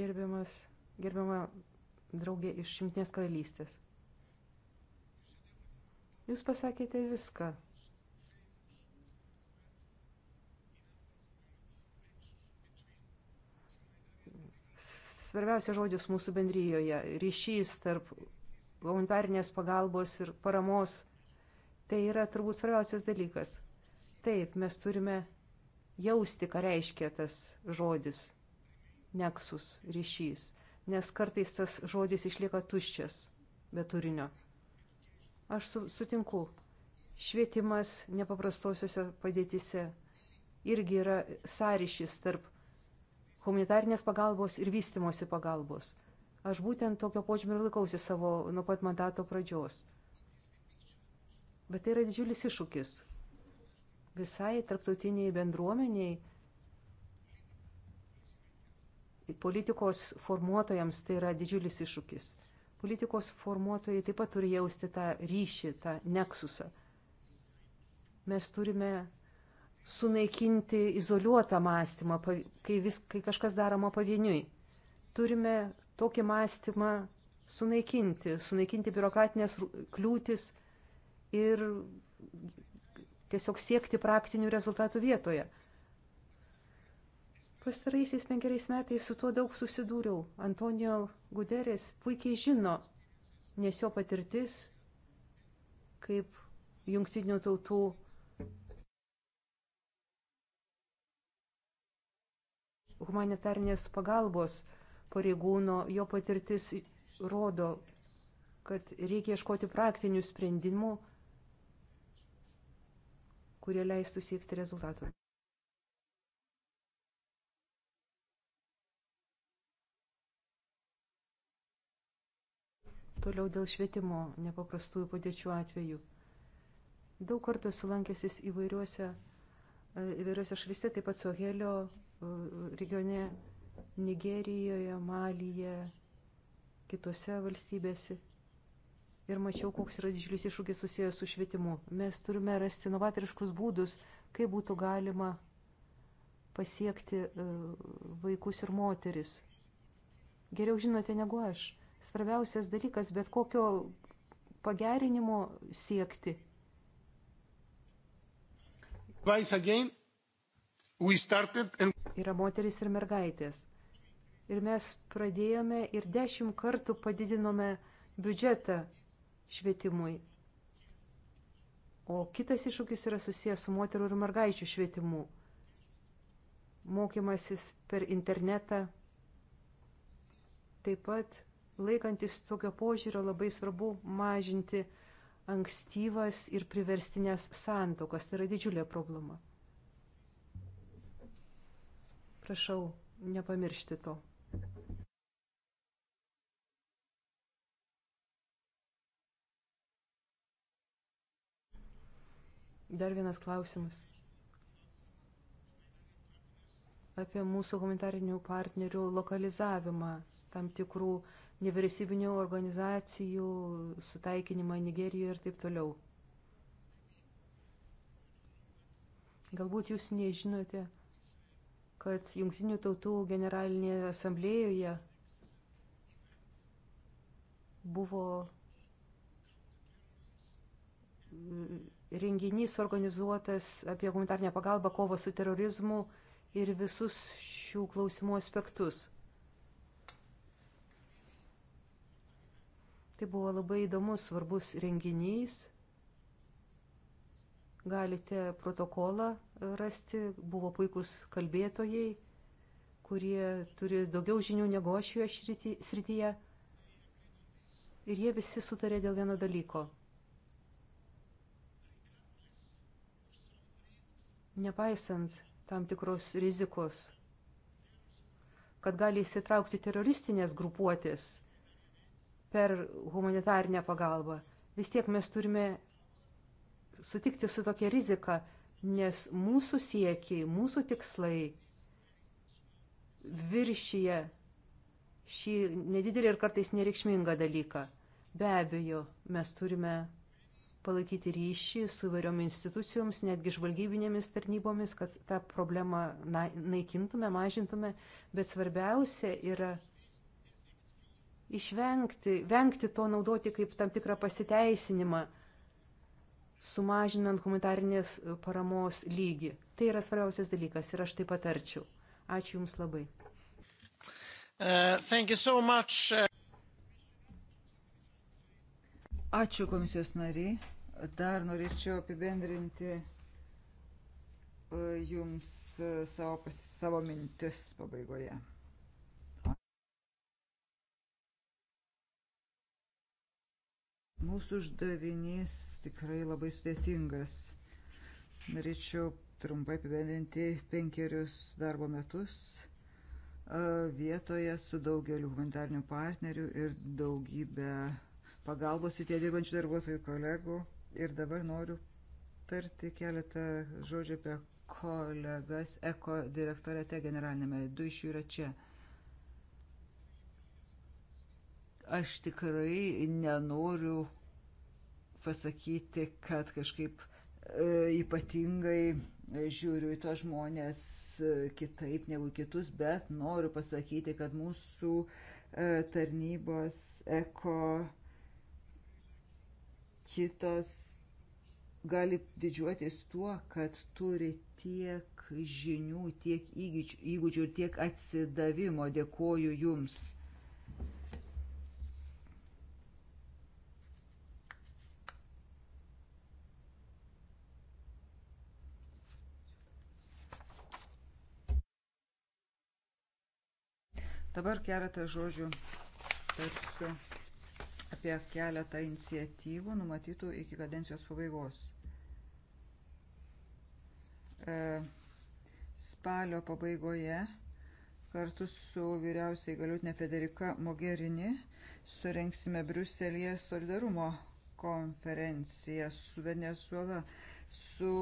Gerbiamas, gerbiama draugė iš Šimtinės karalystės. Jūs pasakėte viską, svarbiausias žodis mūsų bendryjoje - ryšys tarp humanitarnės pagalbos ir paramos. Tai yra turbūt svarbiausias dalykas. Taip, mes turime jausti, ką reiškia tas žodis - neksus, ryšys, nes kartais tas žodis išlieka tuščias, be turinio. Aš su, sutinku, švietimas nepaprastosiuose padėtise irgi yra sąryšis tarp humanitarnės pagalbos ir vystimosi pagalbos. Aš būtent tokio požymio ir laikausi savo nuo pat mandato pradžios. Bet tai yra didžiulis iššūkis visai tarptautiniai bendruomeniai, politikos formuotojams tai yra didžiulis iššūkis. Politikos formuotojai taip pat turi jausti tą ryšį, tą neksusą. Mes turime sunaikinti izoliuotą mąstymą, kai, vis, kai kažkas daroma pavieniui. Turime tokį mąstymą sunaikinti, sunaikinti biurokratinės kliūtis ir tiesiog siekti praktinių rezultatų vietoje. Pastaraisiais penkeriais metais su tuo daug susidūriau. Antonijo Guderis puikiai žino, nes jo patirtis kaip jungtinių tautų humanitarnės pagalbos pareigūno, jo patirtis rodo, kad reikia ieškoti praktinių sprendimų, kurie leistų siekti rezultatų. Toliau dėl švietimo nepaprastųjų padėčių atveju. Daug kartų esu lankęsis įvairiuose, e, įvairiuose šalyse, taip pat Sohelio regione Nigerijoje, Malyje, kitose valstybėse. Ir mačiau, koks yra didžiulis iššūkis susijęs su švietimu. Mes turime rasti novatoriškus būdus, kaip būtų galima pasiekti e, vaikus ir moteris. Geriau žinote negu aš. Svarbiausias dalykas, bet kokio pagerinimo siekti. Vice again, we started and yra moteris ir mergaitės. Ir mes pradėjome ir dešimt kartų padidinome biudžetą švietimui. O kitas iššūkis yra susijęs su moterų ir mergaičių švietimu. Mokymasis per internetą. Taip pat laikantis tokio požiūrio labai svarbu mažinti ankstyvas ir priverstinės santokas. Tai yra didžiulė problema. Prašau nepamiršti to. Dar vienas klausimas. Apie mūsų humanitarinių partnerių lokalizavimą, tam tikrų nevyriausybinių organizacijų sutaikinimą Nigerijoje ir taip toliau. Galbūt jūs nežinote, kad Junktinių tautų generalinėje asamblėjoje buvo mm, renginys organizuotas apie humanitarnę pagalbą, kovą su terorizmu ir visus šių klausimų aspektus. Tai buvo labai įdomus, svarbus renginys galite protokolą rasti, buvo puikūs kalbėtojai, kurie turi daugiau žinių negu aš šioje srityje. Ir jie visi sutarė dėl vieno dalyko. Nepaisant tam tikros rizikos, kad gali įsitraukti teroristinės grupuotės per humanitarnę pagalbą, vis tiek mes turime sutikti su tokia rizika, nes mūsų siekiai, mūsų tikslai viršyje šį nedidelį ir kartais nereikšmingą dalyką. Be abejo, mes turime palaikyti ryšį su įvairiom institucijoms, netgi žvalgybinėmis tarnybomis, kad tą problemą na, naikintume, mažintume, bet svarbiausia yra išvengti, vengti to naudoti kaip tam tikrą pasiteisinimą sumažinant humanitarinės e, paramos lygį. Tai yra svarbiausias dalykas ir aš tai patarčiau. Ačiū Jums labai. Uh, so much. Uh. Ačiū komisijos nariai. Dar norėčiau apibendrinti uh, Jums uh, savo, savo mintis pabaigoje. Mūsų uždavinys tikrai labai sudėtingas. Norėčiau trumpai apibendrinti penkerius darbo metus vietoje su daugeliu humanitarnių partnerių ir daugybę pagalbos į tie dirbančių darbuotojų kolegų. Ir dabar noriu tarti keletą žodžių apie kolegas Eko direktorėte generalinėme. Du iš jų yra čia. Aš tikrai nenoriu pasakyti, kad kažkaip e, ypatingai žiūriu į tos žmonės e, kitaip negu kitus, bet noriu pasakyti, kad mūsų e, tarnybos eko kitos gali didžiuotis tuo, kad turi tiek žinių, tiek įgūdžių ir tiek atsidavimo. Dėkoju Jums Dabar keletą žodžių tarsiu apie keletą iniciatyvų numatytų iki kadencijos pabaigos. E, spalio pabaigoje kartu su vyriausiai galiutinė Federika Mogherini surenksime Briuselėje solidarumo konferenciją su Venezuela, su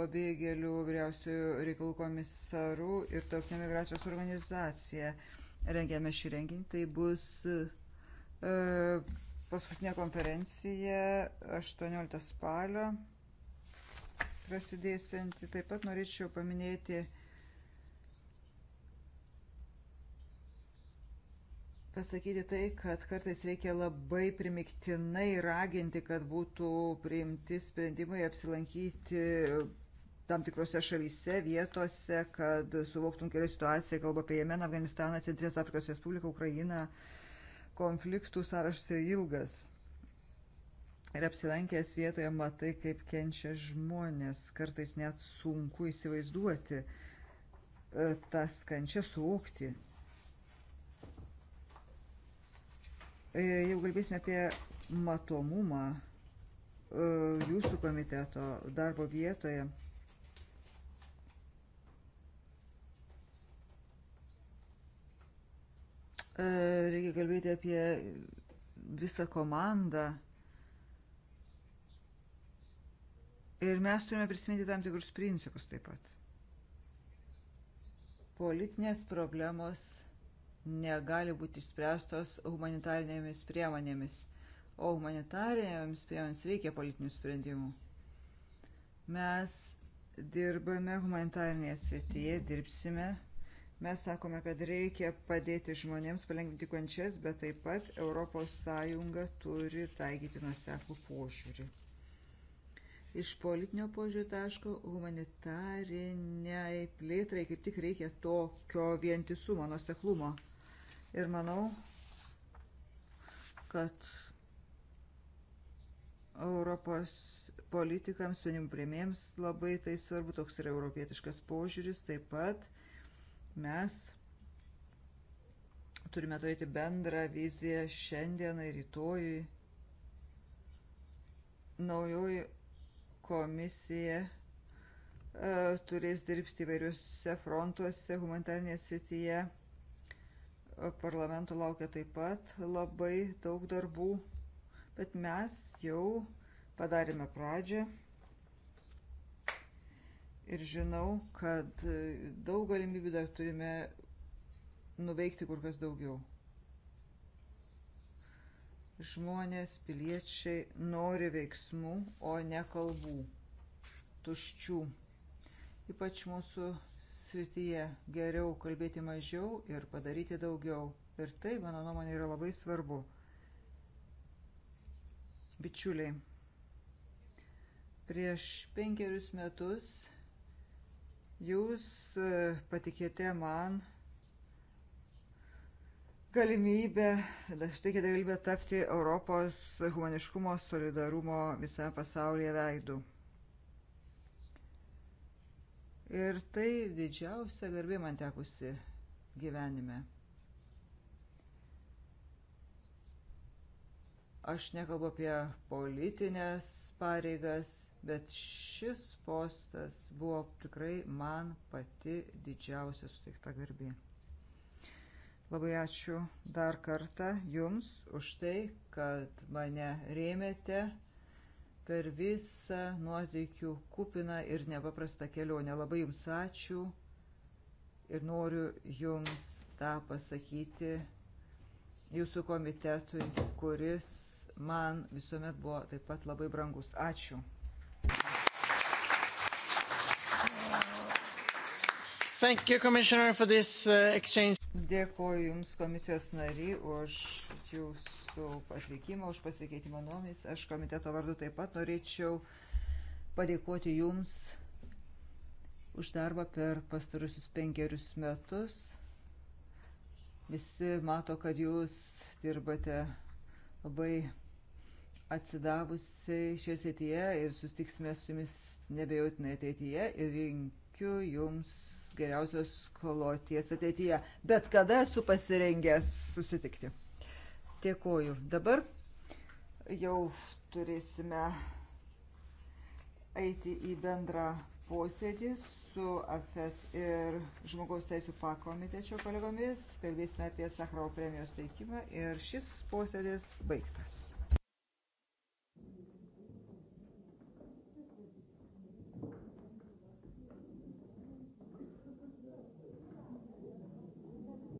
pabėgėlių vyriausiųjų reikalų komisaru ir tautinė migracijos organizacija rengiame šį renginį. Tai bus e, paskutinė konferencija 18 spalio prasidėsianti. Taip pat norėčiau paminėti pasakyti tai, kad kartais reikia labai primiktinai raginti, kad būtų priimti sprendimai apsilankyti tam tikrose šalyse, vietose, kad suvoktum kelią situaciją, kalbu apie Jemeną, Afganistaną, Centrinės Afrikos Respubliką, Ukrainą. Konfliktų sąrašas yra ilgas. Ir apsilankęs vietoje matai, kaip kenčia žmonės. Kartais net sunku įsivaizduoti e, tas kančias, suvokti. E, Jau kalbėsime apie matomumą e, jūsų komiteto darbo vietoje E, reikia kalbėti apie visą komandą. Ir mes turime prisiminti tam tikrus principus taip pat. Politinės problemos negali būti išspręstos humanitarinėmis priemonėmis, o humanitarinėmis priemonėmis reikia politinių sprendimų. Mes dirbame humanitarinėje srityje, dirbsime Mes sakome, kad reikia padėti žmonėms palengvinti kančias, bet taip pat ES turi taikyti nuseklų požiūrį. Iš politinio požiūrio taško humanitariniai plėtrai kaip tik reikia tokio vientisumo, nuseklumo. Ir manau, kad Europos politikams, sprendimų prieimėjams labai tai svarbu, toks yra europietiškas požiūris, taip pat Mes turime turėti bendrą viziją šiandienai, rytojui. Naujoji komisija e, turės dirbti įvairiuose frontuose, humanitarnėje srityje. E, parlamento laukia taip pat labai daug darbų, bet mes jau padarėme pradžią ir žinau, kad e, daug galimybių dar turime nuveikti kur kas daugiau. Žmonės, piliečiai nori veiksmų, o ne kalbų, tuščių. Ypač mūsų srityje geriau kalbėti mažiau ir padaryti daugiau. Ir tai, mano nuomonė, yra labai svarbu. Bičiuliai, prieš penkerius metus Jūs e, patikėte man galimybę, štai kitą galimybę tapti Europos humaniškumo, solidarumo visame pasaulyje veidų. Ir tai didžiausia garbė man tekusi gyvenime. Aš nekalbu apie politinės pareigas, bet šis postas buvo tikrai man pati didžiausia suteikta garbė. Labai ačiū dar kartą Jums už tai, kad mane rėmėte per visą nuotykių kupiną ir nepaprastą kelionę. Labai Jums ačiū ir noriu Jums tą pasakyti Jūsų komitetui, kuris man visuomet buvo taip pat labai brangus. Ačiū. Thank you, Commissioner, for this uh, exchange. Dėkuoju Jums, komisijos nary, už Jūsų atvykimą, už pasikeitimą nuomis. Aš komiteto vardu taip pat norėčiau padėkoti Jums už darbą per pastarusius penkerius metus. Visi mato, kad Jūs dirbate labai atsidavusiai šioje srityje ir sustiksime su Jumis nebejotinai ateityje ir linkiu Jums geriausios kloties ateityje. Bet kada esu pasirengęs susitikti. Dėkoju. Dabar jau turėsime eiti į bendrą posėdį su AFET ir žmogaus teisų pakomitečio kolegomis. Kalbėsime apie Sakrovo premijos teikimą ir šis posėdis baigtas.